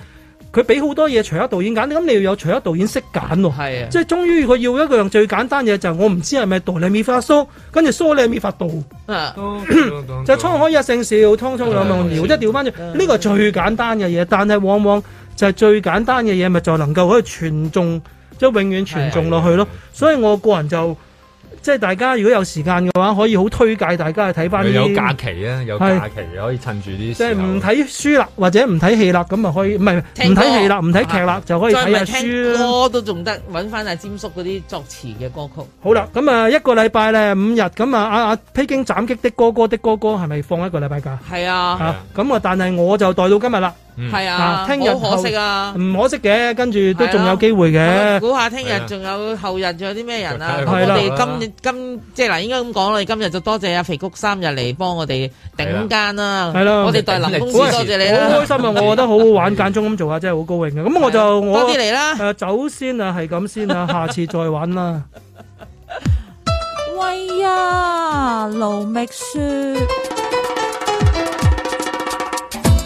佢俾好多嘢，除咗導演揀，咁你要有除咗導演識揀喎、啊，的即係終於佢要一樣最簡單嘢，就係我唔知係咪杜麗咪發梳，跟住梳麗美發杜，就滄海一聲笑，滔滔兩岸潮，即係調翻轉，呢個最簡單嘅嘢，但係往往就係最簡單嘅嘢，咪就能夠可以傳頌，即係永遠傳頌落去咯。的所以我個人就。即係大家如果有時間嘅話，可以好推介大家去睇翻。有假期啊，有假期可以趁住啲。即係唔睇書啦，或者唔睇戲啦，咁啊可以唔係唔睇戲啦，唔睇劇啦，就可以睇下書。歌都仲得，揾翻阿詹叔嗰啲作詞嘅歌曲。好啦，咁啊一個禮拜咧五日咁啊，啊，阿披荊斬棘的哥哥的哥哥係咪放一個禮拜假？係啊，咁啊但係我就待到今日啦。係啊，聽日好可惜啊。唔可惜嘅，跟住都仲有機會嘅。估下聽日仲有後日仲有啲咩人啊？我哋今。今即係嗱，應該咁講啦。今日就多謝阿肥谷三日嚟幫我哋頂間啦。係啦了，我哋代林公子多謝你啦。好開心啊！我覺得好好玩，間了中咁做下真係好高興嘅。咁了我就我多啲嚟啦。誒、呃，走先啊，係咁先啊，下次再玩啦。 [laughs] 喂呀，盧覓雪。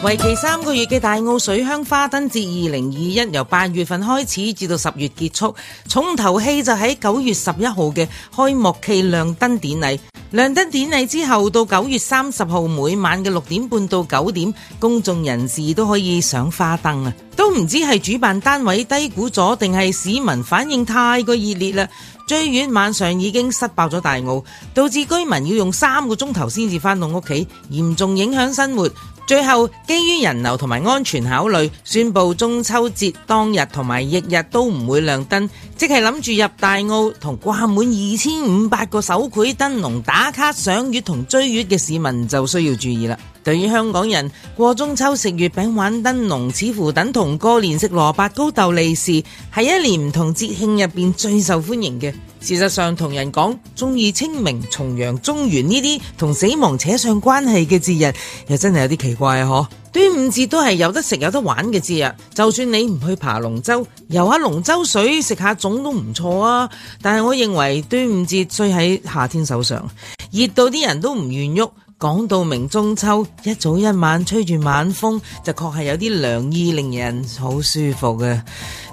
為期三個月嘅大澳水鄉花燈節二零二一由八月份開始至到十月結束，重頭戲就喺九月十一號嘅開幕暨亮燈典禮。亮燈典禮之後，到九月三十號每晚嘅六點半到九點，公眾人士都可以賞花燈啊！都唔知係主辦單位低估咗，定係市民反應太過熱烈啦。最遠晚上已經塞爆咗大澳，導致居民要用三個鐘頭先至返到屋企，嚴重影響生活。最後，基於人流同埋安全考慮，宣布中秋節當日同埋翌日都唔會亮燈，即係諗住入大澳同掛滿二千五百個手繪燈籠打卡賞月同追月嘅市民就需要注意啦。對於香港人過中秋食月餅玩燈籠，似乎等同過年食蘿蔔糕、豆利是，係一年唔同節慶入邊最受歡迎嘅。事實上，同人講中意清明、重陽、中元呢啲同死亡扯上關係嘅節日，又真係有啲奇怪啊！嗬，端午節都係有得食、有得玩嘅節日，就算你唔去爬龍舟、游下龍舟水、食下粽都唔錯啊！但係我認為端午節衰喺夏天手上，熱到啲人都唔願喐。講到明中秋，一早一晚吹住晚風，就確係有啲涼意，令人好舒服嘅。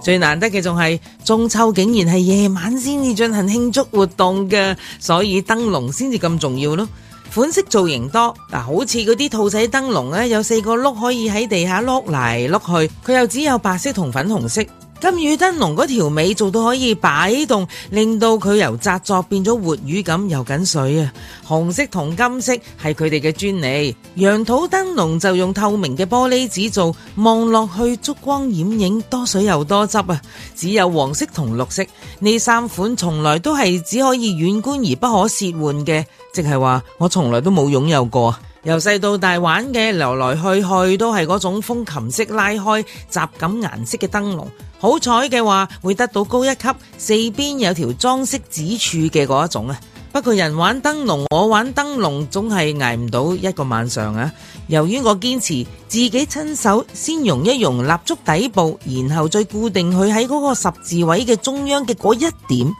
最難得嘅仲係中秋竟然係夜晚先至進行慶祝活動嘅，所以燈籠先至咁重要咯。款式造型多，嗱，好似嗰啲兔仔燈籠咧，有四個碌可以喺地下碌嚟碌去，佢又只有白色同粉紅色。金魚燈籠嗰條尾做到可以擺動，令到佢由紮作變咗活魚咁游緊水啊！紅色同金色係佢哋嘅專利，楊桃燈籠就用透明嘅玻璃紙做，望落去燭光掩影，多水又多汁啊！只有黃色同綠色呢三款，從來都係只可以遠觀而不可褻玩嘅，即係話我從來都冇擁有，有過。由細到大玩嘅，來來去去都係嗰種風琴式拉開、雜錦顏色嘅燈籠。好彩嘅話會得到高一級，四邊有條裝飾紙柱嘅嗰一種啊。不過人玩燈籠，我玩燈籠總係捱唔到一個晚上啊。由於我堅持自己親手先融一融蠟燭底部，然後再固定佢喺嗰個十字位嘅中央嘅嗰一點，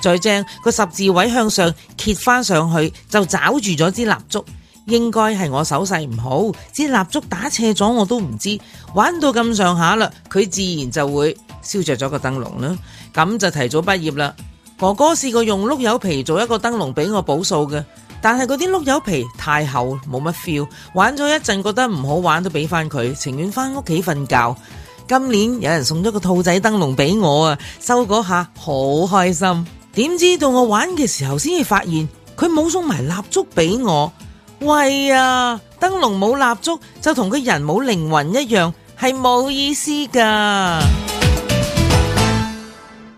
再將，個十字位向上揭翻上去，就抓住咗支蠟燭。應該係我手勢唔好，支蠟燭打斜咗，我都唔知。玩到咁上下啦，佢自然就會燒着咗個燈籠啦，咁就提早畢業啦。哥哥試過用碌柚皮做一個燈籠俾我補數嘅，但係嗰啲碌柚皮太厚，冇乜 feel。玩咗一陣覺得唔好玩，都俾翻佢，情願翻屋企瞓覺。今年有人送咗個兔仔燈籠俾我啊，收嗰下好開心。點知道我玩嘅時候先至發現佢冇送埋蠟燭俾我。喂呀，燈籠冇蠟燭，就同個人冇靈魂一樣，係冇意思噶。